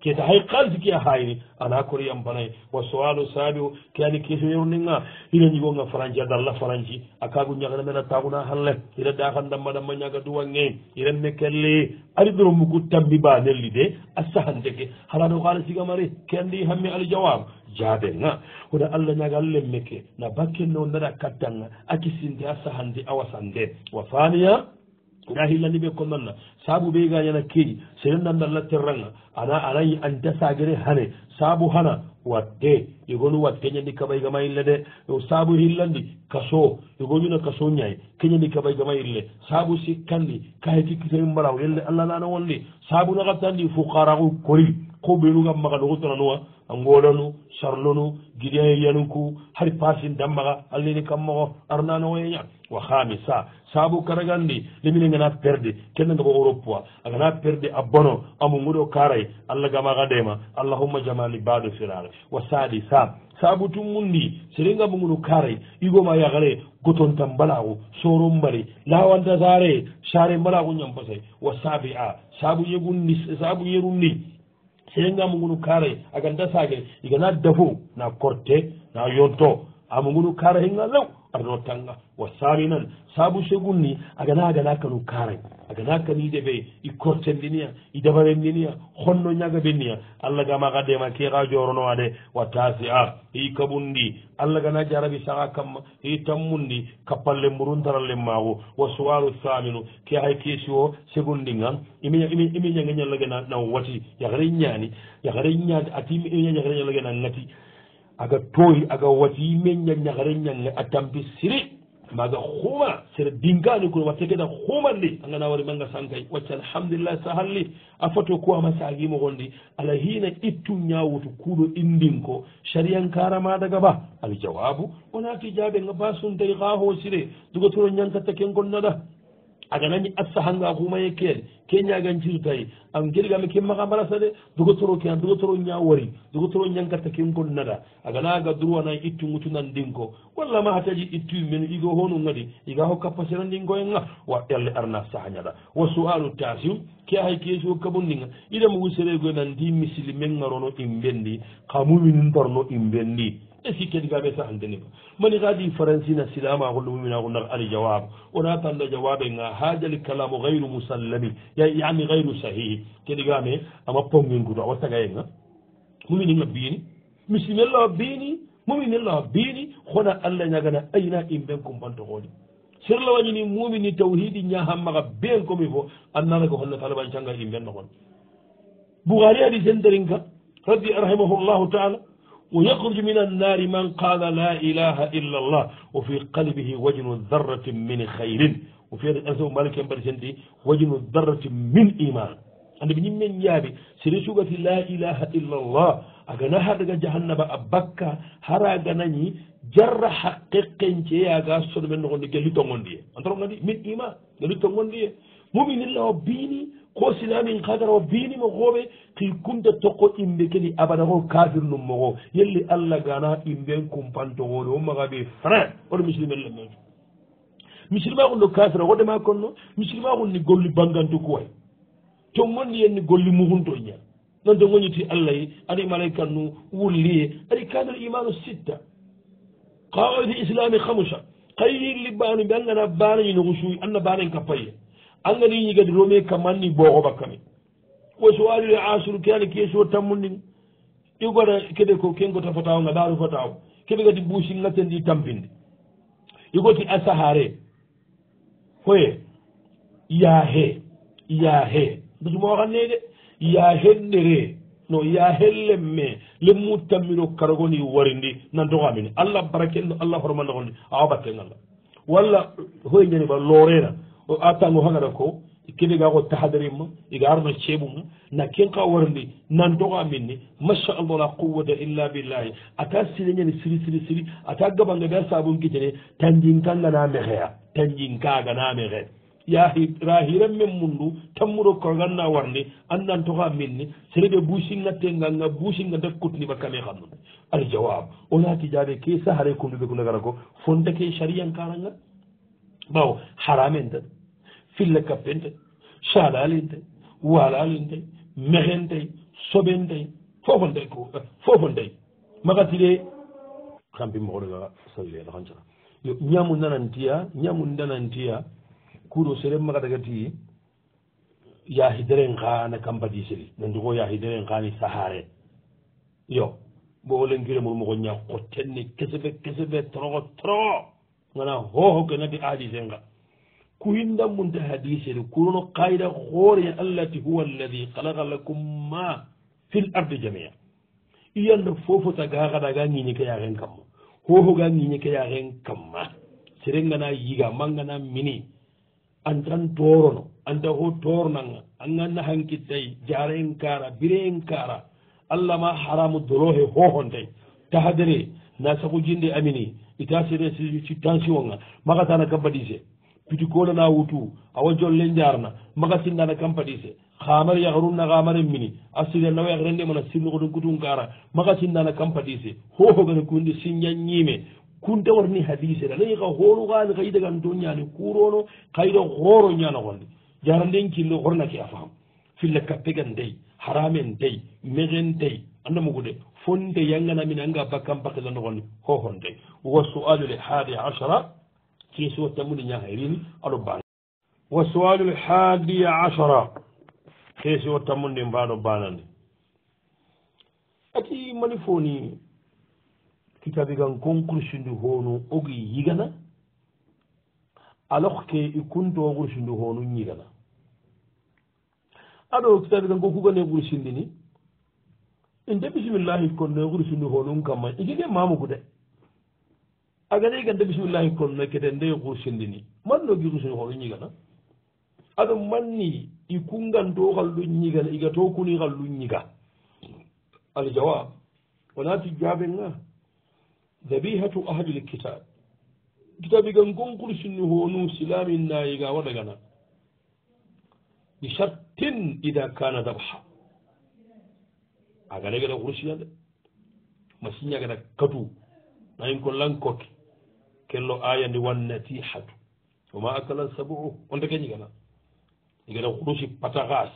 kete hay kaltiki a hayri ana kori yam banayi wa sowalo saabio ke ani kete yewninga ina ñigonga franci adalla franci a kagu ñagana mena taguna halle ira dakan damba damba ñaga duwa ge ira mekelle ari doro mugu tambi ba nelli de a sahanteke halano kala sigamari ke andi hammi aljawab jaabe nga hoda allah ñaga allemmeke na bakkenno nara kattanga a kisinte a sahante a wasande wa faniya nda hillani ɓe commanna saabu ɓe gañana keeƴi seno nanndal latter ranga ana anayi anta sagere hane saabu hana watte yogonu wat keñandi kaɓay gama yille de saabu hillandi kaso yogoñuna kaso ñay keñandi kaɓay gama yille saabu sikkandi kahe kikkitemi mbalaw yelle allah nana wonndi saabu naxattandi fukaraku kori ko ɓenuga maga ɗogotonanuwa a ngolanu sarlonu gidiyan yanuku hari pasin dammaga allini kammogo arnanogoyeña wa hami sa sabu karagandi lemine gana perde kenna ndogo europe wa a gana perde a bono amu ngoɗo karay allah gamaga dema allahumma jamali bado firare wa sadi sa sabu tum mundi seringa mugunu karay igoma yagare gotonta mbalagu soro mbali lawanta sare sare mbalagu ñampasay wa sabi a sabu yegu ni sabu yerundi seyngamu ngunu kaaray aga dasaage igana dafo na korte na yonto amu ngunu kaara hega law arno tanga wasaari nan saabu segunni agana agana kanu karay agana kan ide ɓe i kortendiniya i dabarendiniya honno ñagaɓe niya allah gama gaddema keeha joronowa de watasi a hi kaɓundi allah gana jarabi saha kamma hi tammundi kappalle muruntaralle mawo wasuwalu saminu ke hay keesi o segundi ga imi ñagañallage na wati yagare ñaani yagare ñaani atiimi imi ñagare ñallage na ngati aga toori aga wasiime ñañagare ñalle a tampi siri maga xuma sera dinkani kono wasa keda xumandi a ngana wari manga sankay wacce alhamdulillah sahalli a foto ko ama sagimo gondi ala hina ittu ñawutu kuuɗo indin ko sariyankarama daga ba ala jawabu wonaki jaɓe nga basuntay xa hoo sire dugotoro ñankatta ken gonnaɗa aga nani assahanga humaye keen ke ñagancir tay am gueɗigami ke maga mbarasa de dogotoro ke an dogotoro ña wari dogotoro ñangarta ken gon nada aga naga droitna ittu ngutu nan ndinko walla ma hataji ittu men igo hono ngadi iga ho capacité ndingo en ga wa elle arna sahañada wa soalu tasiw ke hay keso kabondiga idam wusere goy nan ndi misili men garono imbendi xamumi nin torno imbendi est ce que kedi gaɓe sahandeniba mani hadi farancina silama hollu muminagunak ali jawaba wona talla jawabe ga hajal kalamu hayru musallami yani hayru sahihi kedi gaame ama pongenkudu awa sagayenga muminin a biini misimella a biini muminella a biini hona allah ñagana ayina imɓen kumbanto hooni sirlawañini mumini tawhidi ñahammaha ben komi fo annanaga holna talabancanga imɓen nohon bouhari adi sen darinka raddi arhamahullahu taala ويخرج من النار من قال لا إله إلا الله وفي قلبه وجن ذرة من خير وفي مالك ب وجن ذرة من إيمان ande ɓe ñimmen ñaabi sere sugati la ilaha illa llah agana ha daga jahannaba a bakka hara ganañi jarra haqqe kenceyaga sono men nogonde gelli tongondiye antorogadi min ima gelli tongondiye muminillao biini ko sinamin kagarao binimo hoɓe ki kunta tokko imbe kedi abada ko kafir num mogo yelli allah gana imben kumpanto hoore o maga ɓe fran oɗo misilima lemmen misilima kon no kafira hoɗe ma konno misilima kon ni golli bangantu kuway ton monni yenni golli muhunto e ña non to goñiti allahy e, aɗa malayka nu wulliye aɗi kadre imanu sitta kaoyde islami hamusa kayyi libbanu mbe angana baneñi nogo suuy anna banen ka paye angani yigadi romi kamanni boko bakkami woso waliri asuru keani keso tammudin igoda kede ko kenko tafatawo ga daru fatawo keɓe gati buusi gatendi tampinde igoti asahare hoye yaahe yaahe bisumoxannede yahellere no yahellemme lemmu tammiro karagoni warindi nantoxamini allah barakendo allah horma noxondi awa bakkengalla walla hoye ñaniba lorena o attango hagara ko kiligaako tahadarima iga arno ceeɓuma na kenka warndi nantoko amin ni machallah la quwata illa billahi ata sileñani siri siri siri ata gabanga ga sabunkitene tanjinkangana mexeya tanjinkagana mexe yahi rahiran men mundu tammuro koganna warndi an nantoko amin ni serebe busingattenganga businganta kutniɓa kame xannu aljawab onati jaɓe ke sahare kundu ɓe kundagara ko fonta ke sariyankaranga baw haramen tat fille kappente salalinte walalinte mehente soɓente fofo nde fofo nde makatire kampi moxoɗoga salleeɗo xan cara yo ñamu nanantiya ñamu nanantiya kuuɗo sere makatagati yaxidere ngaana kampadi seri nandiko yaxidere ngaani saxare yo bo lengkire mur moxo ña xo tenne kesebe kesebe toroxo toroxo ngana xooxo ke nati adise nga kuyindanmunta hadisede kuruno kayida hooren allati huwa alladi halaka lakum ma fil ardi jamia iyanda fofota gahada ga ñiñe keyahen kamma hoho ga ñiñe keyahen kamma serengana yiga mangana mini antan torono anta ho tornanga anganna hankittay jaren kara biren kara allah ma haramu dorohe hohontay tahadere na sagujinde amini ita sere si tension nga makatana kabadise piti kolana wutu awa jolle jarna maga sinnana campadise hamar yahrun na hamare mini asiri nawa yahrende mana sinno ko kutun kara maga sinnana campadise hoho gane kunde sinya nyime kunde warni hadise la ni ka holu gani ka ida gan dunya ni kurono kaido horo nyana gonde jarande kinno horna ki afam fille kappe gan dei haramen dei megen dei anda mugude fonde yangana min anga bakam bakela no gonde hohonde wa sualu li hadi ashara keesi wa tammude ñahayrini aɗo baana wa sowalu lhadiya acara keesi wa tammunde mbaɗo baanande ati mani fooni kitabi gan concourse ndu hoono ogi yigana alors que i e kuntoogourse ndu hoono ñigana aɗo kitabi gan ko kugane gursindini inde bisimillahi konne gursindu hoonum kamma i e jige mamugu de a gana iganta bisimillahi kon no kete nde yo kursindini manno gi kursini xoolu ñigana aɗum manni i kunganto xallu ñigana iga to kuni xallu ñiga aljawa wonati jaɓe nga dabihatu ahadil kitab kitabe gan kon kursini hoonu silamin nayiga waɗagana bisartin ida kana dabha a gana igata kursina de masiñagata katu nayin kon lan kokki kello aya nde wan natihatu woma akala sabuu onde keñigana igata kurusi patagas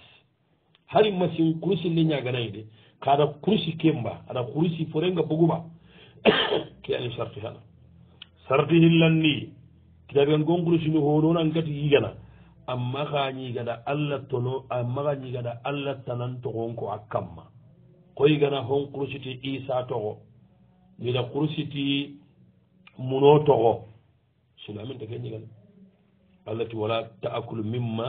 hari masin kurusi nde ñaganayi de kaada kurusi kemba aɗa kurusi forenga boguma ke ani sarti hana sarti hillanni kitabigan gon kurusini honon an gati yigana ammaga ñigada allah tono ammaga ñigada allah tanan togon ko a kamma ko yigana hon kurusiti isa togo mbiɗa kurusiti muno togo sino amin dake ñigal allati wala taakulu mimma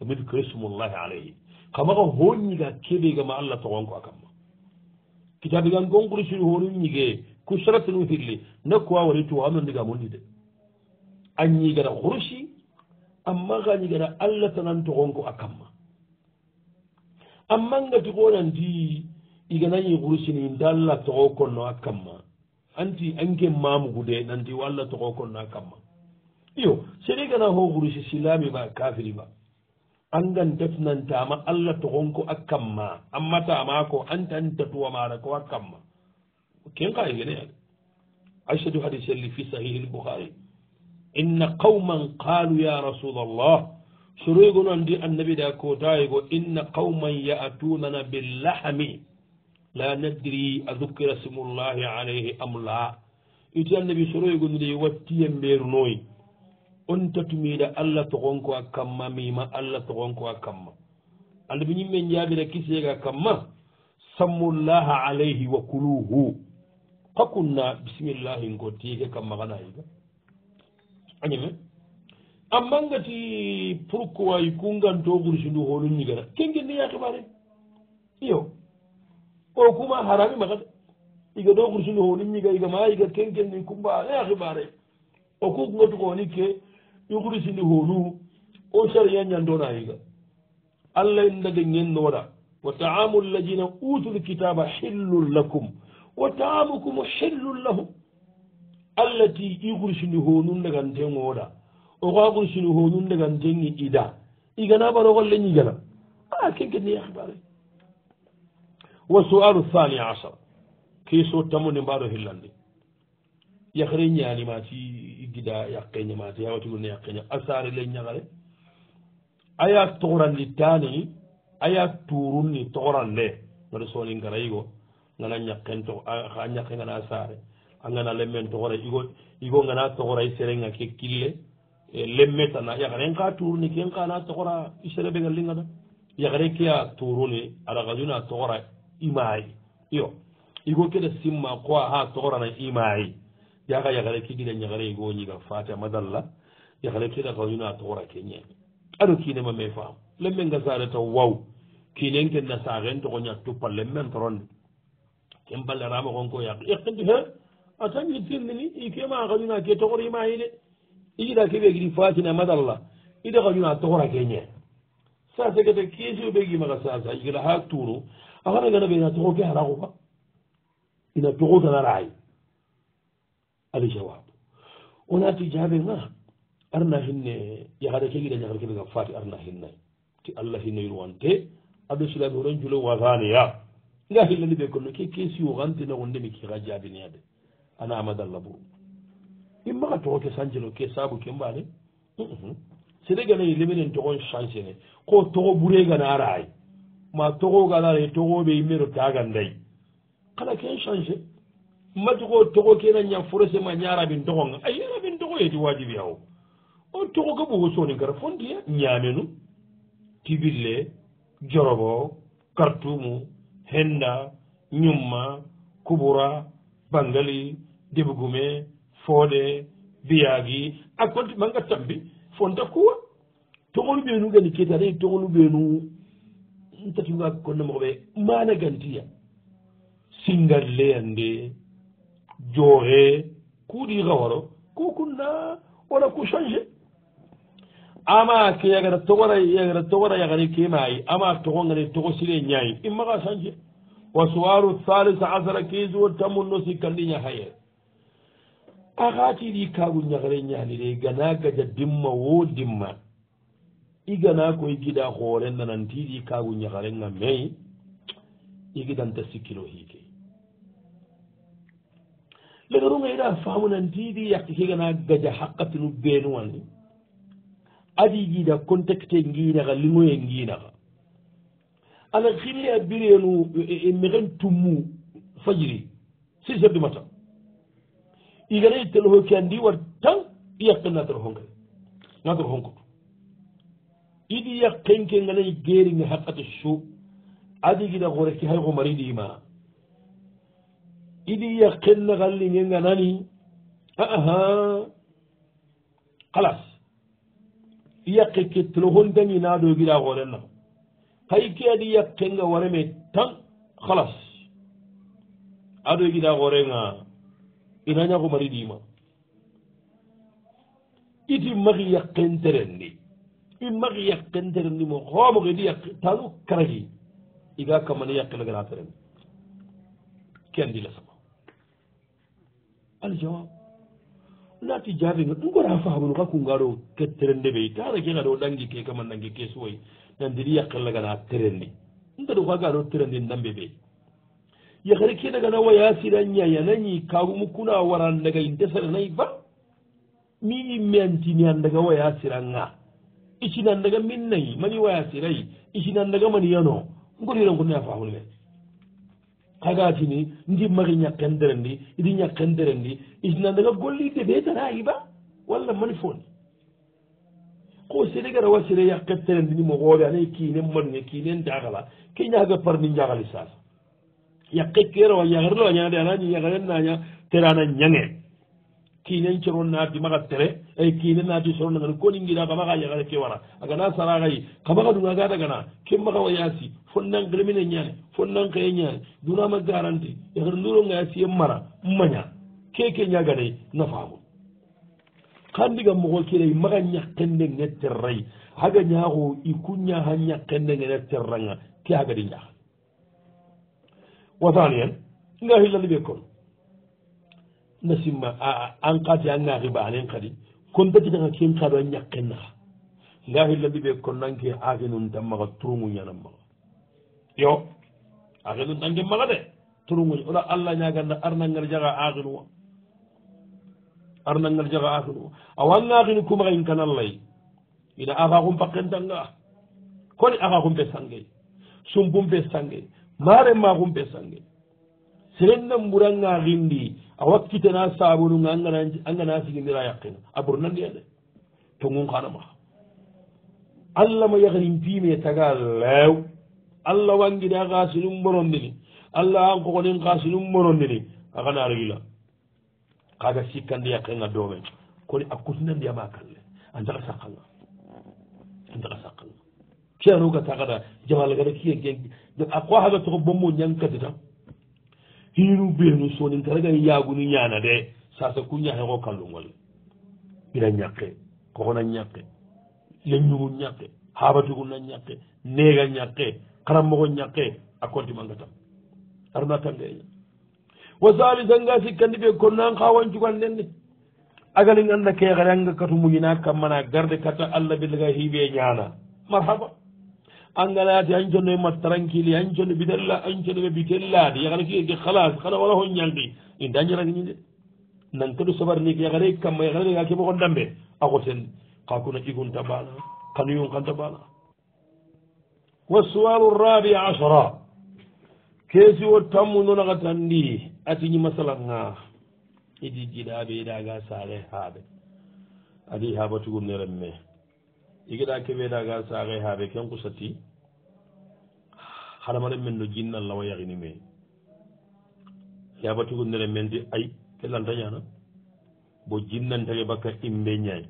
lam yudkira smullahi alayhi kama ka ho ñiga keɓega ma allah togonko a kamma kitabigan gonkuri sini honu ñige ku sarati num filli na kuwa wari tuwa amno ndiga mundi de a ñigana hursi amma ka ñigana allah tanan togonko a kamma amma ngati ko nanti iganañi hursini nda allah togo konno a kamma anti anke gude nanti walla togo na kamma iyo sere gana shi silami ba kafiri ba angan an gan defnantama allah togonko a akamma amma ta ma ko anta an tatuwa mara ko akamma kamma ken ka yene ya ashadu hadith li fi sahih al-bukhari ان قوما قالوا يا رسول الله shurugo non di annabi da ko tayigo inna qauman ya'tunana bil la nadiri a dukira simullahi alayhi am la itu annabi soroygonide wattiye mbeerunoy on tatumiida allah togonko a kamma miima allah togonko a kamma annabi ñimme jaabira kiseega kamma sammullaha alayhi wa kuluhu hakunna bisimillahi ngo tiike kam magana yiga añeme amma ngati pourquoi kungantoɓursindu holu ñigana kengenniya xibaare iyo o kuma harami maxat iga do xursini xoni ñiga iga ma iga kenken ni kumba e a xibare o ku gungatu xooni ke i xursini xoonu o sharia ñandona yiga allah ndage ngennoora wa taamu lladina utu l kitaba xillu lakum wa taamukum xillu lahum allah ti i xursini xoonu ndagantengooda oxa xursini xoonu ndagantengi ida iganaa baroxo le ñigana a ah, kenken ni a xibare wa sual thani asar keso tamode mbaɗo hillande yakre ñanimati gida yakqeñamati yawatigone yakqeña asare le ñagare aya togoranni tani aya turunni togoran le ngaɗa soni ngara yigo ngana ñaqenoa ñaqe ngana sare a ngana lemmen togora igo igo ngana togora i e serenga ke kille e lemme tana yakaren ka turuni ken kana togora i sere ɓegal lingada yakare ke a turuni aɗa gadina togora imaay yo igo keɗa simma koa ha togorana imaay yaka yagare kigine yagare igoñiga fate madalla yagare keɗa kañuno a togora keñe aɗo kine ma mai faam lemmen gasare taw waw kinen ken nasaken togo ña tuppa lemmen toronde ken balle rama konko yak ekkendi he atañi sirnini ikema kañuna ke togor imaayi de ijiɗa keɓe giɗi fatina madalla ide kañuna togora keñe sa segete kesio ɓegimaka sasa yigila ha tuuru axanagana ɓena toxo ke araxufa ina toxotanaraxay ali jawab onati jaɓenga arna hinne yaxada ke gida ñaxar keɓega fati arna hinna ti allah hinna yurwante abdo silami horen julo wasaneya nga hillani ɓe konno ke ke siwoxantenaxundemi kexa jaɓinea de ana amad allah buru immaxa toxo ke sancelo ke sabu ke mbane sede ganayi lemenen toxon chancene ko toxo ɓuregana araxay ma togoganare togoɓe yimmeɗo dagandayi kala ken change matugo togo kena ñam forose ma ñarabin dogoa a yarabin dogo yeti wajibi yawo o togo ka ɓogo soni gara fondiya ñamenu tibille jorobo kartumu henda ñumma kubura bangali debgume fooɗe biyagi a konti manga tambi fonta kuwa togolu ɓenu gani ketaɗe togolu ɓenu tatiga konnamoɓe mana gantiya singal leyande joore kuuɗi gaworo kokunna wona ko changé ama ke yagata togora yagata togora yagani kemayi ama togongane togo sire ñayi immaga changé wa suwaru halisa asara kesuo tammunno sikkandi ña hayere a xatiɗi kagu ñagre ñanire gana gaja dimma wo dimma igana koy giɗa hoore nanantiɗi kagu ñaharenga mai igidanta sikkilo hike legaruga yiɗa famunantiɗi yakki kegana gaja hakkatinu benuwanni adi jiida contecte ginaha lingoye ginaha ala xille a birenu e mexen tummu fajiri six heure du matin igana telefo ke andi war tan yakkinna telefon ke natelefon ko ɗiɗi ya penke ngalay geeri nga hakkata su adi gida gore ki hay xumari ndiima ɗiɗi ya kenna xalli nge nga nani aaha xalas yake ke telephone dangi na do gida gore na hay ke adi ya kenga ware me tan xalas ado gida gore nga inanya xumari ndiima iti maxi ya kentere ndi imagi yakke nder nimo xoomoge di yake tan karagi iga kamane yake lagana teren ken dila sama aljawab nati jaabinga um gora faamunu xa kungaro ketterende ɓey tarake xaɗo ɗangi ke kama nange ke suway nandiri yake lagana terendi ndaɗu xagaɗo terendi ndambe ɓey yaxere ke nagana wayasira ñayanañi kagumu kuna wara ndagay ndesananay ba mi imme antini a ndaga wayasira ngaa isinandaga min nayi mani wayasirayi isinandaga mani yano ngorirankune a faxulle xagatini ndi maxi ñakkenderendi idi ñakkenderendi isinandaga golli deɓetana yiba walla mani fooni ko sede gara wa sere yakketerendi ni moxoore ana kiine manne kiine ndaxala ke ñaaga parni njaxali sasa yakke kerawa yaxerlo a ñaade anañi yaxerennaña terana ñange kiinen coron naati maxa tere e kiine naati soron agani koningira ka maxa yagare ke wara agana saraxayi ka maxa duna gatagana ke maxa wayasi fonnan xeremine ñane fonnan xee ñane dunama garante yaxere nduronga siye mara maña keke ñagane nafaamu xandiga moxo kerei maxa ñaqende nge terrayi haga ñaaxo i kuñaha ñaqende ngene terranga ke hagadi ñaxa wasaniyen nga xillali ɓe kono na simma an kati an ngaki banen kadi kon beti kan kin kadu an yakken na ngaki labi be kon nanke ake nun tamma ka turungu nyanam ma yo ake nun tanke ma de turungu ola Allah nya ganda arna ngal jaga ake nuwa arna ngal jaga ake nuwa awan ngaki ni kuma kain kanan lay ida aga kum pakken tanga koni aga kum pesangge sumbum pesangge mare ma kum pesangge serenna muranga rindi a wakkitana sabunuga angana sigidira yakina a burnandiyade togun hanama allah ma yahrinpime taga lew allah wangida hasinum borondini allah ankogonin hasinum borondini aganarila kaga sikkandi yakina domen kori a kutinandi ama kalle a ndaga sakkanga a ndaga sakkanga ceanuga tagada jamalgada kiyeg a ko haga togo bommo ñangkatitam hiinu beenu soonin taragan yaaguni ñaana de sasa ku ñaxeko kallungole ina ñaqe koxona ñaqe yañugu ñaqe xaabatugu na ñaqe neega ñaqe xaranmoxo ñaqe a kontimangatam aruna kangeeña wa salisanga sikkandi ɓe konnan xawan cugan lenne agalin anda keexare anga katu muñina kammana garde kata allah ɓe laga hiiɓe ñaana marhaba angala yaati añ conno e ma tranquille añ conno e bitella añ conno ɓe bitellaade yakara kiege halas hana wala hon ñanki i dañiragñi de nan kadu sabarni yakare kamma yakarega keɓoxon dambe a xoten xa kuna ƴigunta bana kanu yun kanta bana wasuwalu rabi asara keesi wo tammu nonaxa tandi atiñi masalanga idi giɗaɓe idaga saxe haɓe adi haɓatugu ne ren me igeɗa keɓe daga saxe haɓe ken kusati haɗamaɗa men no jinnal lawa yaqini me yabatigudere men de ay kellantañana bo jinnantage bakka imbe ñaay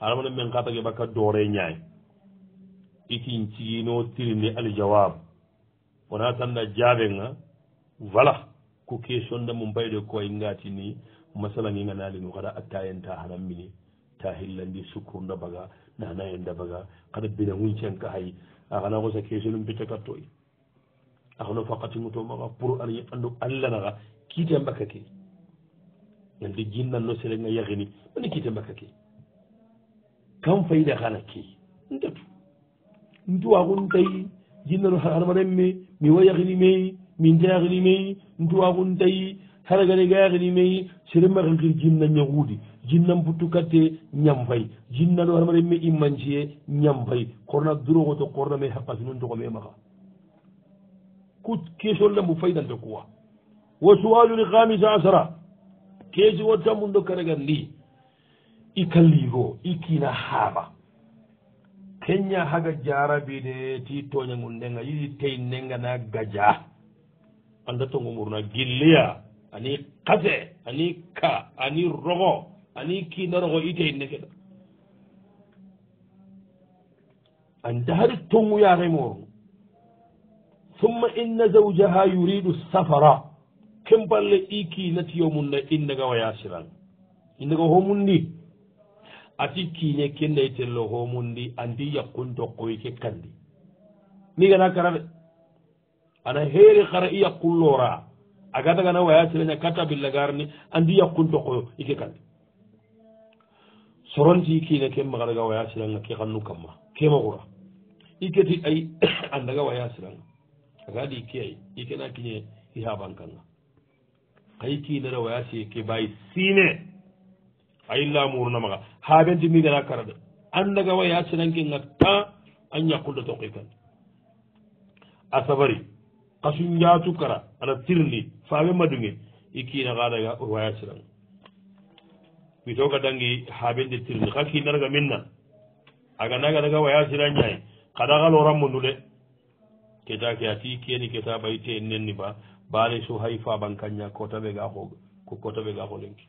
haɗamaɗa men katage bakka doore ñaay itin ciino tirinde aljawab wona tanna jaabenga voilà ko question de mum bayde koye ngatini masalangingaalinu haɗa atta en ta hanammini ta hillandi sukkur ndabaga nana en dabaga haɗa bina wuncenka hay akana kosa question um pecca kattoye ahono fakatimu tomaga pour ana yeɓɓandu allah naga kiite mbakkake ande jinnanno selenga yahini ani kiite mbakkake kam fayida hana ke ndetu ntuwagun tayi jinnano haranmaren me mi wa yahini meyi minta yahini meyi ntuwagun tayi haragane ga yahini meyi serenma hinkir jinna ñaguudi jinnan puttu katte ñamfay jinnano haranmaren me immanciye ñamfay korna durogoto korna me hakkasinun togo me maga ku question lembu faydante quoi wa suwalu li hamise asara kesi wo tammundo karagan ndi i kalliro i kiina haaɓa keña haga jarabide ti toñagu ndenga yiɗi tey ndenga na gaja anda tongo muruna gilliya ani kase ani ka ani rogo ani kiina rogo i tey ndekeɗa anda haɗi tongu yaaremoru summa inna zawjaha yuridu safara kemballe ɗiki nati yomunna innaga wayasiran innaga homundi ati kiine kennay tello homundi andi yakkunto koyke kandi nigana karade ana heeri hara i yakkulloora agadagana wayasirana kata billagarni andi yakkunto koyo ike kandi soronti kiine ke magadaga wayasiranga ke xannu kamma kemagura iketi ay andaga wayasiranga aka haɗi kiyay i kena kiñe i haɓan kanga ayi kiinere waya si ke bayi siine ayi lamurunamaga haɓenti mi gara karaɗe andaga waya sinanke ga ta a ñakkulɗo toki kan a sabari kasu njatu kara ana tirni faɓe madunge i kiina xaɗaga waya siran mitoga dangi haɓende tirni xa kiinarga min na aga nagadaga waya sira ñayi xaɗa xa loranmundu de kedake ati keni keta ɓayte en nenni ba baale so hay faɓan kaña kotaɓe ga ko ko kotaɓe ga ko lenki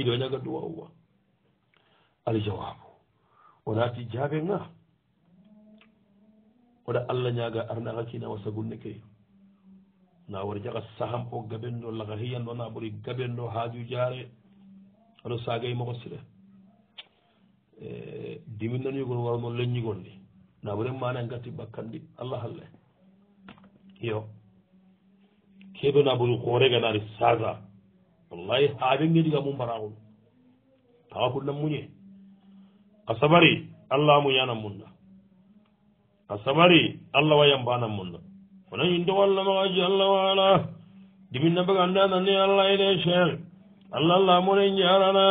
iɗo daga duwa uwa aljawabu onati jaɓe ga oɗa allah ñaga arnaka kinawa sagunne key na wori jaga saham o gabenɗo laga hiyanɗo na ɓori gabenɗo haaju jaare aɗo saagay moko sire eh, dimin nanigon warno leñigon ni na ɓori mane gatti bakkanɗi allah halle yo keɓena boni koreganari sage wallahi haɓe geediga mum mbaraku tawa ko nammuñe a sabari allah amuñanam munna a sabari allah wayambanam munna onan inde wallamaa jalla waala diminnabaga annde ananni allah ene cheikh allah allah mone jarana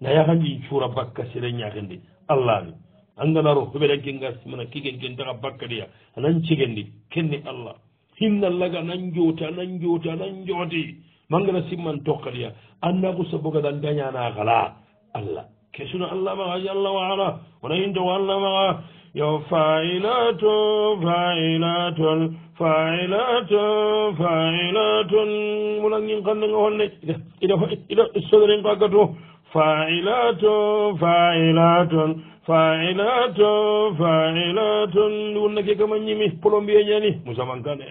nayahandi cuura bakka sere ñakendi allahni angana ro hoɓeɗankinga simana kigen ken taka bakka ɗiya anan cegendi kenni allah hinna laga nan jooti anan jooti anan jooti mangana simman tokkaliya annaku sabogadan gañanakala allah kesuno allah maga jalla waala wona hintogo allah maga yo failato failaton failaton failaton mulangin kandenga holle ida sodorin ko agga to failato failaton failaton failaton wonnake kama ñimi plombie ñani musamankane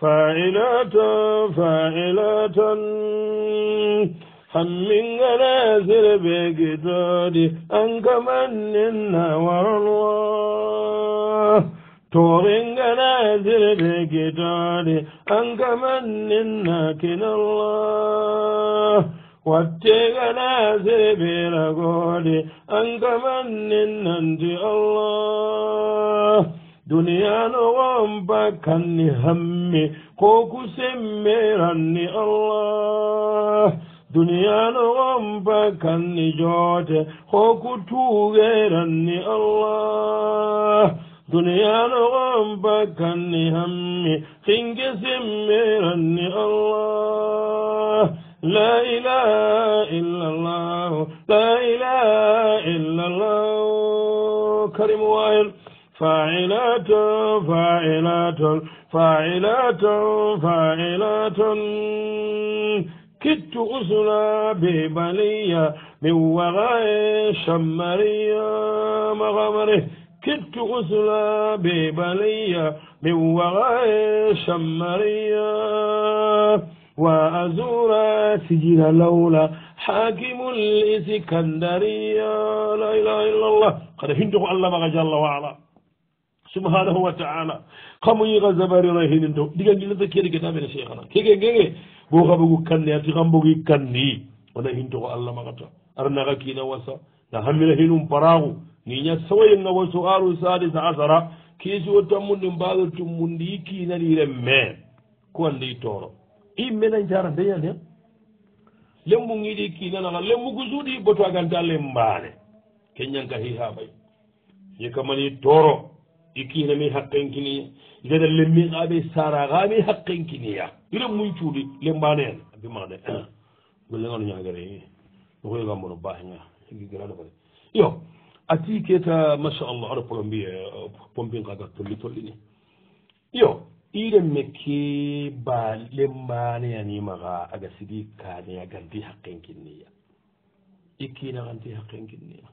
فاعلة فاعلة حمين غنازل بقدادي أنك من الله تورين غنازل بقدادي أنك منك الله واتي نازل بلقودي أنك منك الله duniyano wamba kanni hamme kokusemmeranni allah duniyano wamba kanni joote kokutugeranni allah duniyano wamba kanni hamme hinge semmeranni allah la ilaha illa llahu la ilaha illa llahu karimu wayel فاعلات فاعلات فاعلات فاعلات كدت أسلى ببلية من وغاء شمرية مغمره كدت أسلى ببلية من وغاء شمرية وأزور سجن لولا حاكم الإسكندرية لا إله إلا الله قد هندق الله بغجل الله وعلا subhanahu wa taala kamuyiga zabarira hinin to diga gilata kedi ketaɓene cheikhana keke ngenge go xaɓogu kanni ati xambogi kanni ona hintoxo allah maxata arnaxa kina wasa na xamira hinum paraxu niña sawayenga wa soaru sadis asara kesio tammundin mbaga tummundi i kinani ren me ku andi toro i mena jara ndeyane lembu ngiɗi kinanaxa lembu gusuɗi botoaganta lembane ke ñangka hi ha ɓay ye kamani toro ikiina min haqqenkiniya jeɗa lemmiqaɓe saragami haqqenkiniya ire mun cuuɗi lembaneen abimaɗe gollegano ñagere nokoyogambono baxenga gigiraɗokade iyo ati keta machallah aɗa plombie eh, pompinkaga tolli tollini iyo iren mekke ba lembaneyanimaxa aga sigi kaneya ganti haqqenkinniya ikkina ganti haqqenkinniya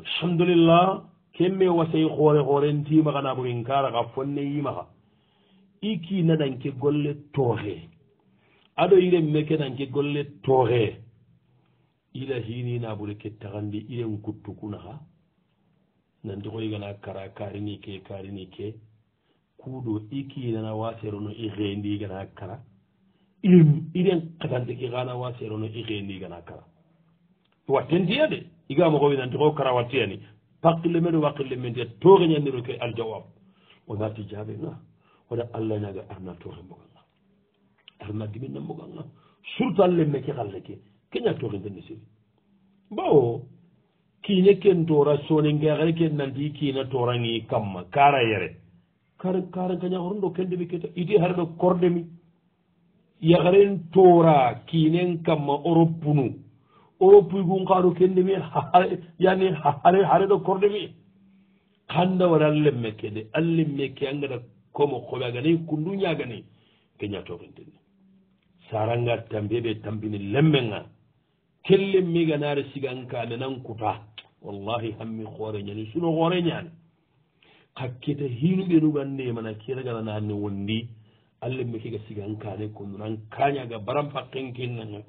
alhamdulillah kemme wasay xoore xoorentiimaxa na buri nkaaraxa fonne yimaxa i kii na nanke golle tooxe ado iren meke nanke golle tooxe ila hiini na buri ke taxandi iren kuttukunaxa nanti xoy gana kara karini ke karini ke kuuɗo i kii nana waaseerono i xeendi gana kara irim iren xatante ke xana waaseerono i xeendi gana kara wattentiya de igamoxowi nanti xo kara wattiyani pakkile men wakkille men de toreñanniro ke aljawab o narti jaabe nga hoɗa allah naga arna tore mboga nga arna diminna mboga nga surtout allemme ke xalle ke keña torendene seri bawo kiine ken tora sonengexere ke nanti kiina torangi kamma kara yere karenkañaxorondo ken deɓe keta ide xareɗo kordemi yaxaren tora kiinen kamma oropunu o puygun kaaro kende mi yani hare hare ɗo korde mi kanda wara allen mekkede allen mekke angata komo koɓe agani kundu ñagani keñatoɓentinde saranga tambeɓe tambini lemmenga kellen miganare sigan kaane nan kuta wallahi hammi hooreñani suno hooreñani hakkete hinuɓe nugande mana kiragana nanni wondi allen mekkega sigan kaane kondunan kañaga baran pakken kinnaga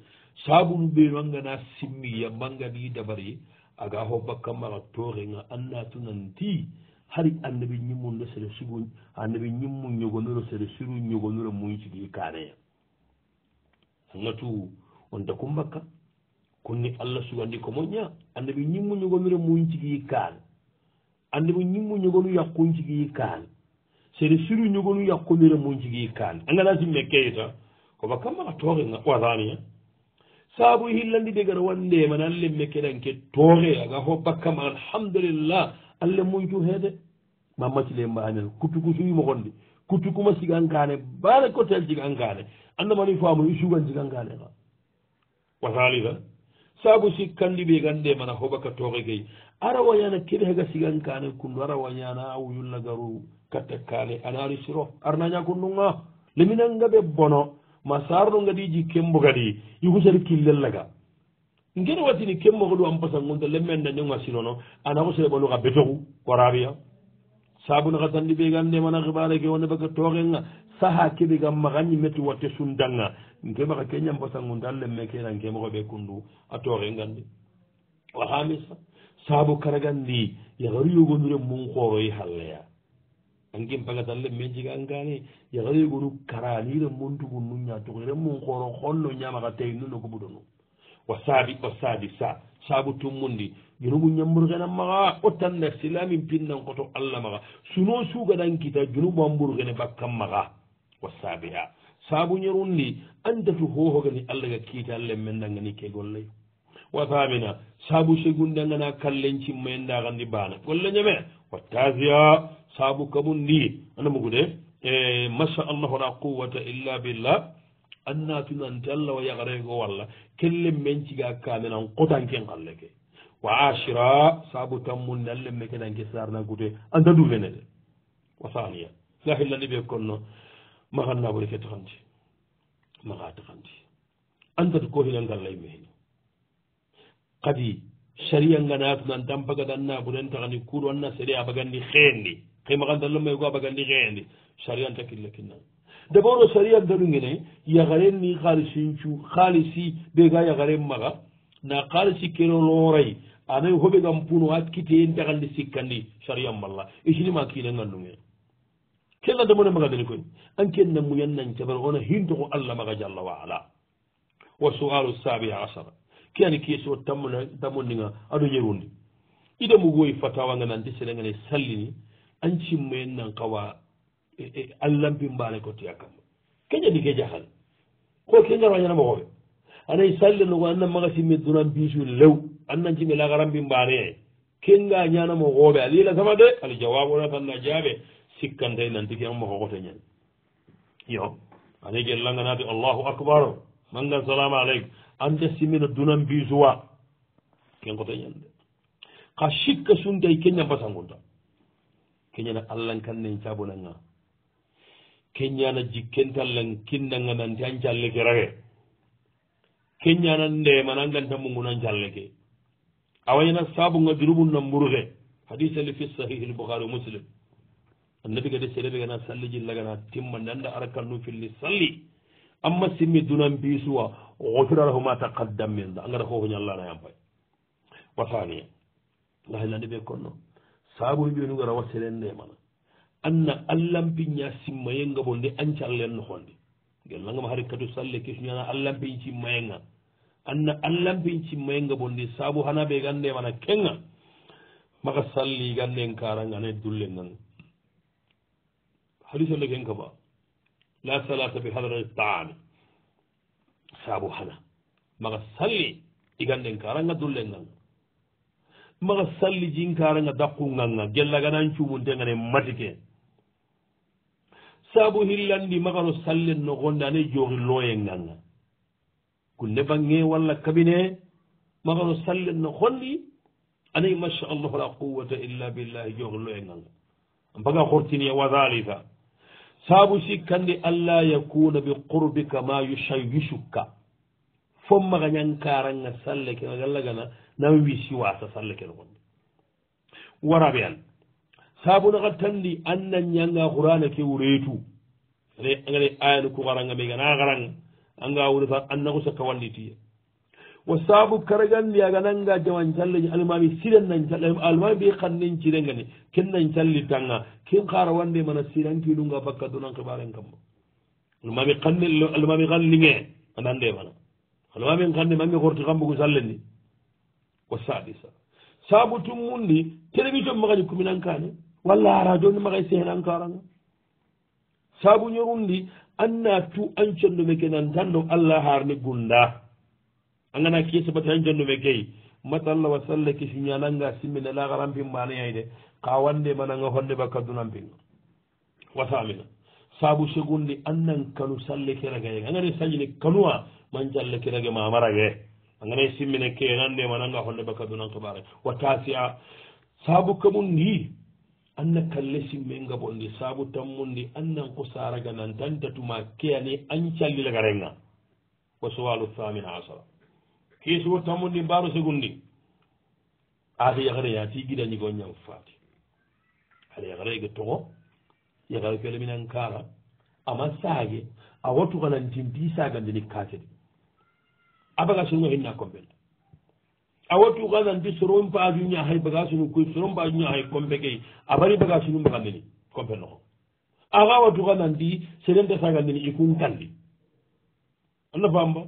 saabunu ɓe wangana simmiya mbangadi dabari aga ho bakka mala toorenga anna tunanti hari annabi ñimmunɗo sere sugu annabi ñimmu ñogonuro sere suru ñogonuro muñcigi kaneya annatu on da kumbakka konni allah sugandi ko moƴƴa annabi ñimmu ñogonuro muñcigi kaan annabi ñimmu ñogonu yakkuncigi kaan sere suru ñogonu yakkunire muñcigi kaan angana simme keyta ko bakka mala toorenga wasaniya saabu e hillandi de gara wandeman e alle mekeɗanke tooxe aga ho bakkam alhamdulillah alle muytu heede mamati le mbaamen kutuku suwimoxonde kutukuma sigankane baala cotel sigankane andamani faamu i sugan sigankane xa wa halisa saabu sikkandi ɓe gande e mana hobaka tooxe gay ara wañana keɓe hega sigankane kundu ara wañana a wuyulla garu kattakkane anaari sirof arnañakundunga leminangaɓe bono ma sarno gadiji kembo kadi yugu sari killellaga ngeni watini kembo ko ɗu ampasangonta lemmen dañe ga sinono ana ko sereɓalu ka betogu korabiya sabuna ka tandi ɓegande mana hibare ke wonde baka togenga saha keɓe ga makañi metti watte sundanga nkeɓa ka keña mpasangonta a lemme kena nkemokoɓe kundu a togengandi wa hamisa sabu karagandi yakaru yogondure mun koroyi halleya angin pagatalle min jiga angani yagadigunu karaniire montugu nuña tokire mun koro holno ñamaka tawi nuno gubudonu wa saabi o saabi sa saabu tummundi junugu ñamburgena maga o tanner silamin pinnan koto allah maga suno sugadan kita junubu amburgene bakkan maga wa saabiha saabu ñerundi andatu hohogani allah ga kiitalle mendangani ke gollay wa saabina saabu segundangana kallencimmayendagandi bana golle ñeme wa taasiya saabu kamum ni anamo gude e masallahu la quwata illa billah anna tinante allah wa yagarego walla kelle men ciga kaminan kotanken halleke wa ashira saabu tammunde allah me kedanke sarna gude anta duvenede wa thania lahillani ɓe konno maxannaɓoreke taxanti maxa taxanti antat ko hinan gallay meheni kadi sharia nganatunan tan pagadannaɓuren taxani kuru anna sere a bagandi xeendi kayma kan dallo may go abagandi xeendi sariyan takillakinna dabord o saria garungene yagaren ni xaalisincu xaalisi ɓega yagaren maga na xaalisi kene looray anay hoɓe gam puno a kiteen taxandi sikkandi sariyan malla isinima kiine ngandunge kena damone magandini koy an kenna muñan nan cabar ona hintoxo allah maga jalla waala wa sualu sabia asara ke ani kiyeso tamo ndinga aɗo ñerundi idemugoy fatawa nga nanti senengane sallini ancimmo en nan kawa e, e, allambimbaale kotoya kamma keƴa ni ke jahal ko ke garwañanama koɓe anayi salle no an nan magasimmi dunan bisu lew an nan cimi lagarambimbaane e kenga ñanamo xooɓe alila sama de al jawabu ona tanna jaaɓe sikkantay nanti ke mo xoxote ñan yo ana gel langanati allahu acbar mangan salamu aleykum ande simino dunan bisuwa ken xote ñande xa sikka sunte keñam basangunta keñana allahnkannen cabonanga keñana jikkentallan kinnanga nanti an calleke rake keñana ndemana ngantamungunan calleke awayana sabunga dirumunna muruke hadisali fi sahih lbuhari muslim annabi gade sede ɓegana salli jillagana timmande annda arakannu filli salli amma simmi dunan bisuwa ofiralahoma taqaddam min angata hohoñallanayampay wasaniya gahelandi ɓe konno saabuu ɓiyoni gora wasselen nemana anna allahmpiña simmayenga bo nde ancallen nohonde gellangama hari kadu salle kesuñana allahmpiñ cimmayenga anna allahmpiñ cimmayenga bo nde saabu hana ɓe gan nemana kenga maka salli ganden karangane dullengang hadis onde ken kaba la salata bi hadrati taami saabu hana maka salli iganden karanga dullengang maga salli jinkaranga dakku ganga gellaganan cumuntengane matike sabu hillandi magano sallen nogonde ane jori loye ganga kunne bange walla kabine magano sallen nogondi anayi masha allahu la quwata illa billahi jori loye ganga mbaga hortiniya wadhalika saabu sikkandi alla yakuna bi qurbika ma yushawishuka fo maga ñankaranga salle kegallagana nan wi siwasa salla ken gonde warabeyan sabuna ka tandi anna ñanga qurana ke wuretu re angare ayanu ku garanga mega na garanga anga wuri fa anna ko sakka walliti wa sabu karagan ni aga nanga jawan jalle ni almami sidan nan jalle almami bi khannin cirenga ni ken nan jalli tanga ken khara wande mana sidan ki dunga bakka dunan ko baren kam almami khannin almami khannin ni anande mana almami khannin mangi gorti kambu ko jalle ni ko saɗisa saabu tummundi télévision magaji kuminankane walla ara joni magay sehen ankaranga saabu ñorundi anna tu ancondo meke nan tan ɗo allah harni gunda angana kiese bati ancondo mekey mat allah wa salla kesi ñalanga simmine lagarampimbanayay de ka wande mananga honde ba kadunampinga wasamina saabu segundi annan kanu salle kiragaye angani sañini kanuwa man jalle kirage mamarage angana e simmine keenandema e nanga holle ba kaduna tobare wa tasi a saabu kamum ndi anna kalle simme ngabondi saabu tammundi annan ko saraga nan tantatuma keyani an callilaga renga wa sowalu thamine asara kesuwo tammundi mbaro segundi aata yakhare yaati giɗañigo ñam faati aɗa yakhare ge togo yakhare felemin an kara ama saage a wattu kanantin ti sagandini kaasedi a bagasunu hinna kombe la a wattu ganandi soron baju ñahay bagasunu koy soron baju ñahay kombe key a bari bagasunu mbagandini kombe noxo axa wattu ganandi seren tasagandini i kun kandi anna famba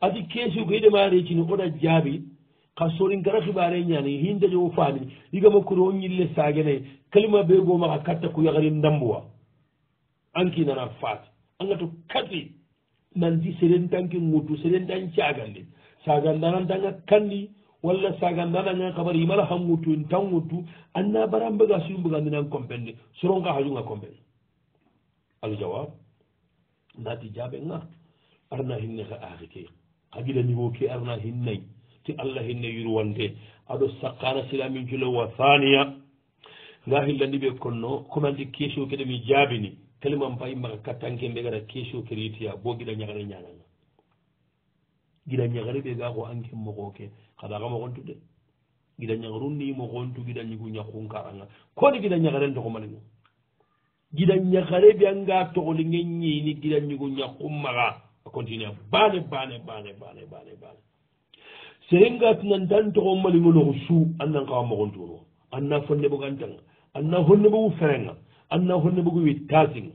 adi kesio ko idemarecini oda jaabi xa sorin gara xibare ñani hindañowo fanin igama kuro ñille sagene kalima be gomaxa katta ku yaxari ndambuwa an kinana fat angato kati nanti serentanke ŋuttu serentan cagande sagandanantanga kandi walla sagandananga kabar imala ha ŋuttu ntan ŋuttu anna baranbega suyumbegandinan kompende soronka hajunga kompende aljawab nati nga arna hinne ka aaki ke kabila ni ke arna hinne ti allah hinne yurwante ado saqara silamin julo wa thaniya nga hillandi ɓe konno komanti question keɗe mi jabini kalimam bay maga kattanke mbe gara kesio kritia bo guiɗa ñagare ñagana guiɗa ñagare ɓe ga ko anke mogoke kada kama gontu de guiɗa ñagaru nimo gontu guiɗa ñigu ñakkun karanga kode guiɗa ñagaren togo manen guiɗa ñagare ɓe anga togolinge ñini guiɗa ñigu ñakkun maga a continue a bane bane bane bane bane bane serengatinan dan togo malingo noko su annan kawa mogontuno anna fonne bogantanga anna honne bogu ferenga anna honne mogu wi tasin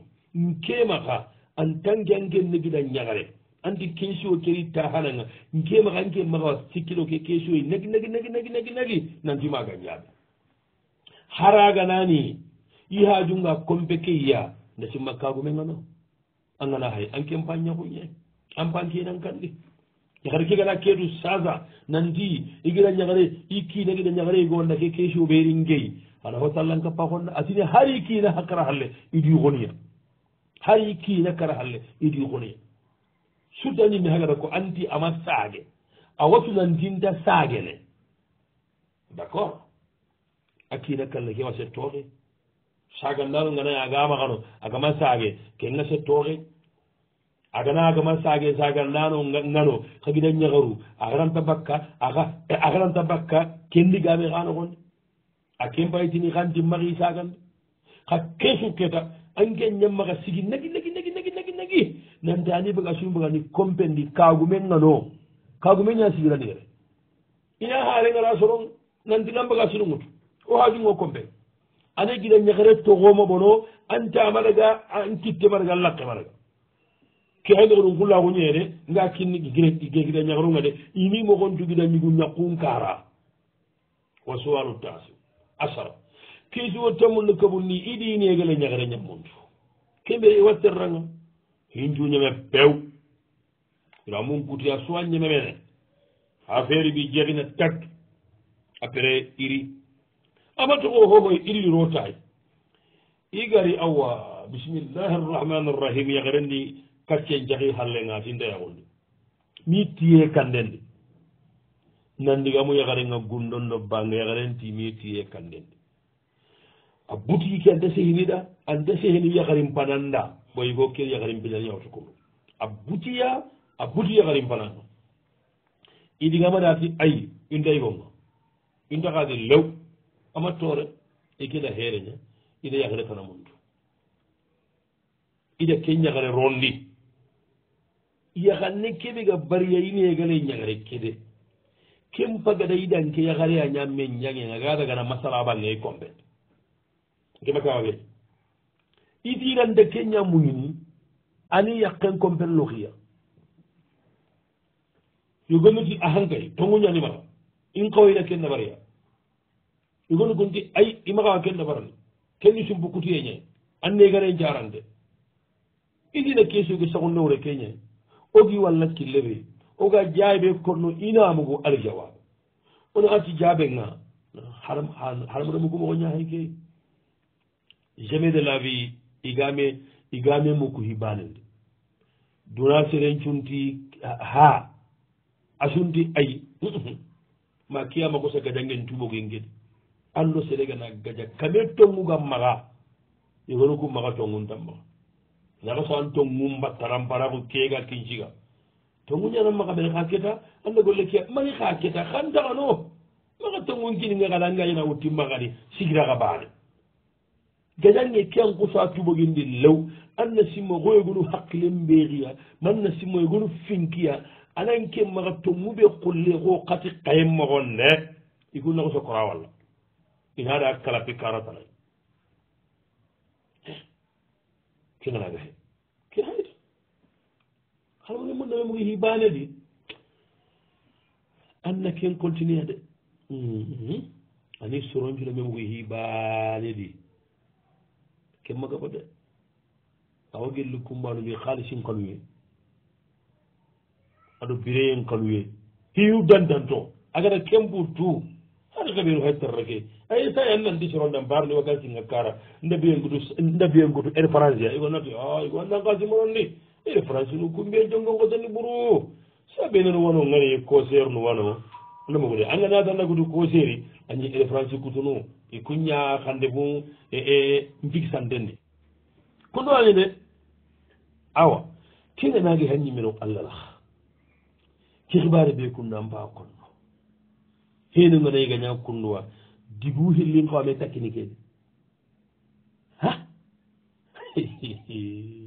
nkemaha an tanke anken negida ñagare andi kesio keri tahananga nkemaha anke magawa sikkilo ke kesioy e nagi nagi nagi nagi nagi nagi nanti maga ñaɓe haraga nani iha junga compe ke yiya ndasimmakkago men gano angana hay anke mpa ñahuñe ampan kenan kandi ñagare ke gana keetu sasa nanti igida ñagare ikki nagida ñagare gonda ke kesio ɓeringeyi wala ho sallan ka pakonna asine hari kiina hakkara halle idi goniya hari kiina kara halle idi goniya suddani mi hagata ko anti ama saage a wasunantinta saage le d' accord a kiina kalle kewa settooxe saganndaaro nganaye agaama xano agama saage ke nga settooxe agana agama saage saganndaano ngano xa gina ñaxaru axananta bakka axa axananta bakka ken ndigaame xaanoxonde a kembaytini xandi maxi sagande xa keesu keta angen ñammaxa sigi nagi nagi nagi nagi nagi nagi nante ani baga sum baga ni compendi kaagume ngano kaagume ña sigiranire ina xarengara soron nantingam baga sunugut o xajungo compen ane gida ñaxere toxoma bono anta maraga an kitte maraga laqe maraga ke xendoxonum xulaxuñee de nga kinni gegida ñaxerunga de imi moxontu gida ñigu ñaqun kara wa suwanu tasi asara kiisiwo tammunno kabu ni iɗiniegele ñagere ñammundu kembe watterranga hindu ñeme pew ira mum kuti a suwa ñememene affaire bi jeehina tak après iri amatoko hoho e illi rotay igari awa bisimillahi arrahmani arrahim yagerendi kacce jahi hallengati ndeyagundi mi tiye kandendi nandiga mu yakarenga gundon no bange yakaren timirtiye kandende a boutique anta sehinida anta sehini yakarin pananda boy go kel yakarin pinan yawto kom a boutiya a bouti yakarin pananda idigamadati ay unday gonga untakadi lew ama tore ikeda e hereña ida yakre kana mundu ida ken yakare rondi yakanne keɓega bariya ine egale ñagare kede kem bagada yiɗanke yahare a ñamme ñange a gadagana masala bange e kombe gemakawage idirande ke ñamuñini ani yakken kompen lohiya yogonuti ahankay tonguñanimara in kawoyna ken nabarya yogonugunti ay imakawa ken nabarani kenni sumpu kutuye ñay anne gane jarande idina kesoge sagunewre ke ñay ogi walla killeɓe oga jaabe konno inamugo aljawab ono anti jaabega haramuremugumogo ñahayke jamais de la vie igame igame mukku hibanede duna seren cunti ha asunti ayi ma kiyama kosa gadangen tubogengedi anno seregana gaja kame tongugam maga igonuku maga tongun tan maga nagasan tongum battaramparago kega kinciga tonguñana maxa ɓene xa keta anda golle ke maxi xa keta xan taxano maxa tongun kininge xada ngañana wutti maxani sigiraxa baane gañange ken xusa cuɓogindi lew anna simmo xoye gunu xaqilen ɓeexiya manna simmoye gunu finkiya anan ke maxa tongu ɓe qulle xo xati xayen moxon ne igu naxu sokora walla ina da kalapi karatana kenganagaxe eh, ke hayta hala woni munɗo men mo yehi baane ɗi anna ken continue de ani soronjula men mo yehi baane ɗi kemma gaɓa de awa gelli kumbano wi haalisin kon wiye aɗo bireyen kon wiye hiu dandanto agata kembo tou haɗa kaɓiru haytarrake ayi sa annandi soronɗan mbarni wagasi ngakkara ndabiyengoto ndabiyengoto air france ya igo natti o igo anndan kasimonon ndi ɓeɗe france nu kumbe jongo ngo tani ɓuru saabi enen wono gari cosére nu wano ndema gude anganadanagudu cosére añi ede france kutunu e, e, e kuña hande bo e, e mbigsandende ko ɗowani de awa kine nage hanñi mino allalah ke hibare ɓe kunna mba konno heno ganayi gaña kunnowa dibu hellin fame takkini kede ha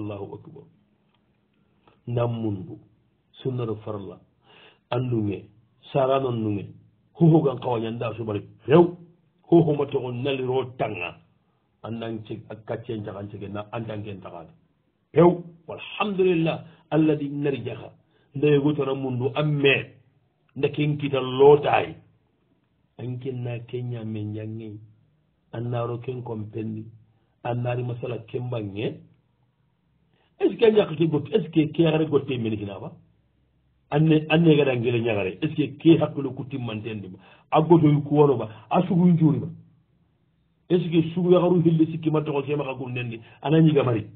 allahu akbar ndammundu sunnaro farla andunge saranonnunge hohogan kawañanda subari few hohomatogo naliro tanga andancg akaccen jagan cege na andanken tagade few walhamdulillah alladi nari jaha ndayegotona mundu amme ndaken kita lotay ankenna kenñamen jangge annaro ken kompendi annari masala kembange est ce que a ñakkake gotti est ce que keexare gotte e mene hinaba anne anne gada ngile ñagare est ce que ke hakkilo kuttimmantendima a godoyu kuwanoba a suguyu njuuriba est ce que suguyaharu hille sikkima toxo kemaxa gum nendi ana ñigamari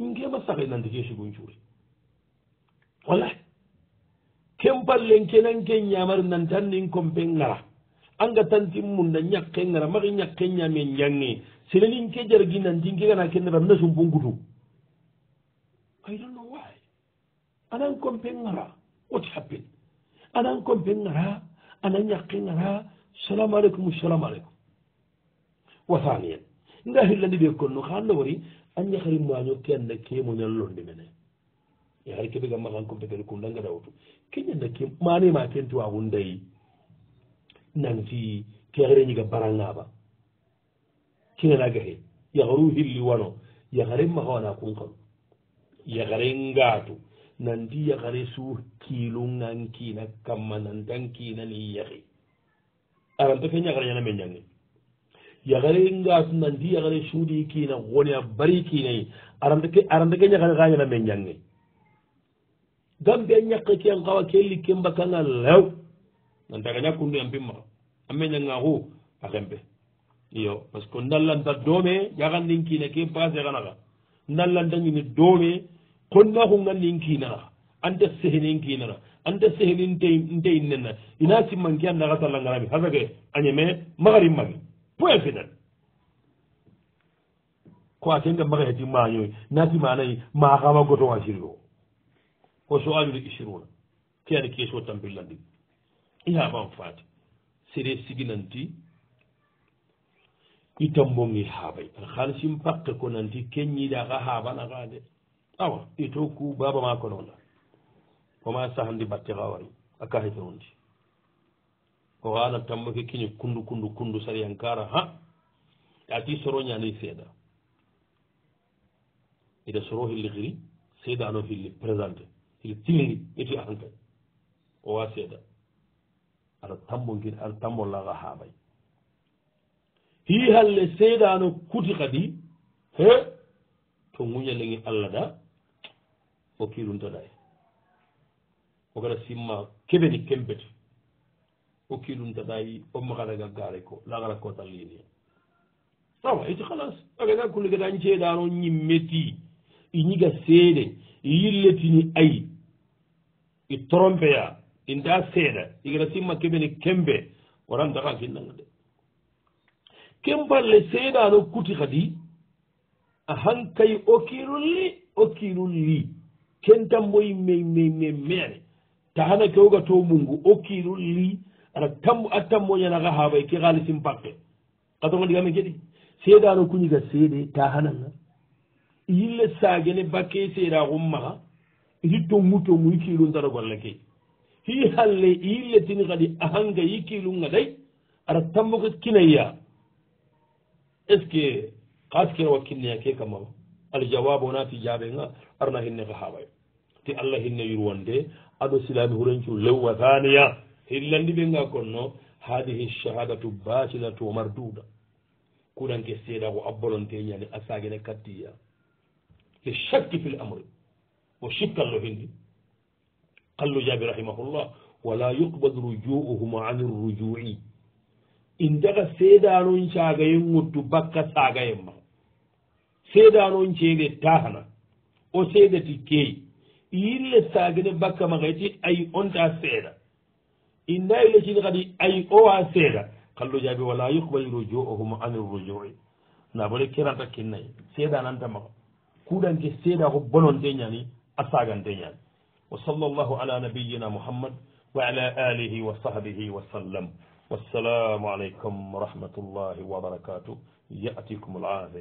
ngema saxe nante ke sugu njuuri wala ken pallen kenan ke ñamari nante an nin compe ngara an ga tantin munda ñakke ngara maxi ñakke ñame ñange selenin ke jargi nantin ke gana kennebar na sumpungutu ay tan no waawi anan kon peŋgara woti happel anan kon peŋgara anan ñakkiŋgara salamu aleykum salamu aleykum wasaniyen nga hillandi ɓe konno haan no wori an ñahari maño kenna kemoñal londi mene yahari keɓe gamma kan compétel kundangeda wotu keñanna ke manema kenti wawundayi nanti kexereñiga barangaɓa kinanagahe yaharu hilli wano yaharen maha wana kunkanu yagare ngaatu nandi yagare suur kiilungan kiina kamma nandan kiina ni yagi arante ke ñagare ñana me ñange yagare ngaatu nandi yagare suudi kiina woni a bari kiinayi arante ke arante ke ñagare xa ñana me ñange gambe ñakke ke nxawa ke likke mbakanga lew nantaga ñakkundu yam pim maxa a me ñanga xu a xempe iyo parce que ndallanta doome yaxandin kiina ke passe xanaxa ndallanta ngini doome konna ko ngannin kiinara anta sehenin kiinara anta seheni ntey nenna ina simmanki an naxa salla ngarami ha sake añeme maxarin mangi poin final ko a kenga maxeheti mañoy nati manayi maxama gotonga sirio ko soalude isiruna ke ani keso tampillandi ihaban faati sere siginanti i tambongi haabay an xalisin pakke ko nanti kenñiidaxa haabanaxa de awa itoku baba mako noona oma sahandi batte hawari a kahete wondi o ala tamma ke kiñi kundu kundu kundu sariyankara ha ati soroñani seeda ida soro hilli xiri seedano hilli présenté hilli tilingi iti anka owa seeda ara tambongi ara tambollaxa haɓay hi halle seedano kuti xadi he to guñalengi allah da ko kiruntoɗa e ko kata simma keɓeni kembete o kiruntoɗa yi e, o makanaga gaare ko lagara ko tallini sawa iti e halas agata kulle gata ceeɗano ñimmeti i ñiga seede yilletini ayi i trompeya inta seeɗa i gata simma keɓeni kembe warantaka kinnaga de kemballe seeɗano kuti kadi ahankay o kirulli o kirulli kentanmboyi mme meane tahana kewga to mungu o kiru li ara tambo a tamboñanaga habay ke halisin pakke katonga ndiga men keɗi seedano kuñiga seede tahananga yille saagene bakke seeragum maxa iti to mutomu i kilun tara golle ke hi halle yille tini kadi ahanga yi kilunga day ara tamboga kinayya est ce que kaskerwa kinneya ke kamama aljawabu wona fi jaɓega arna hinne ko haɓayo te allah hinne yurwonde aɗo silami hurancu lewwa thaniya hillandiɓega konno hadihi shahadatu basilatu marduda kuɗanke seeɗa ko abbolonteñani asagene kattiya le shakki fil amri o shikkallo hinni kallu jaabi rahimahullah wala yuqbad rujuuhuma an rujui indaga seeɗanon caagayen ŋottu bakka saagayen ma seeɗanon ceede tahana o seeɗa ti keeyi yille saagene bakka maga iti ay onta seeɗa innayi lecini kadi ay owa seeɗa kallo jaabi wala yuqbalu rujuuhum an rujui naɓole keranta kinnayi seeɗananta maga kuɗanke seeɗa ko bononte ñani a sagante ñani wa sall llahu ala nabiyina mouhammad wa ala alihi wa sahbihi wa sallam wassalamu aleykum wa rahmatullahi wa barakatuh yatikum العافية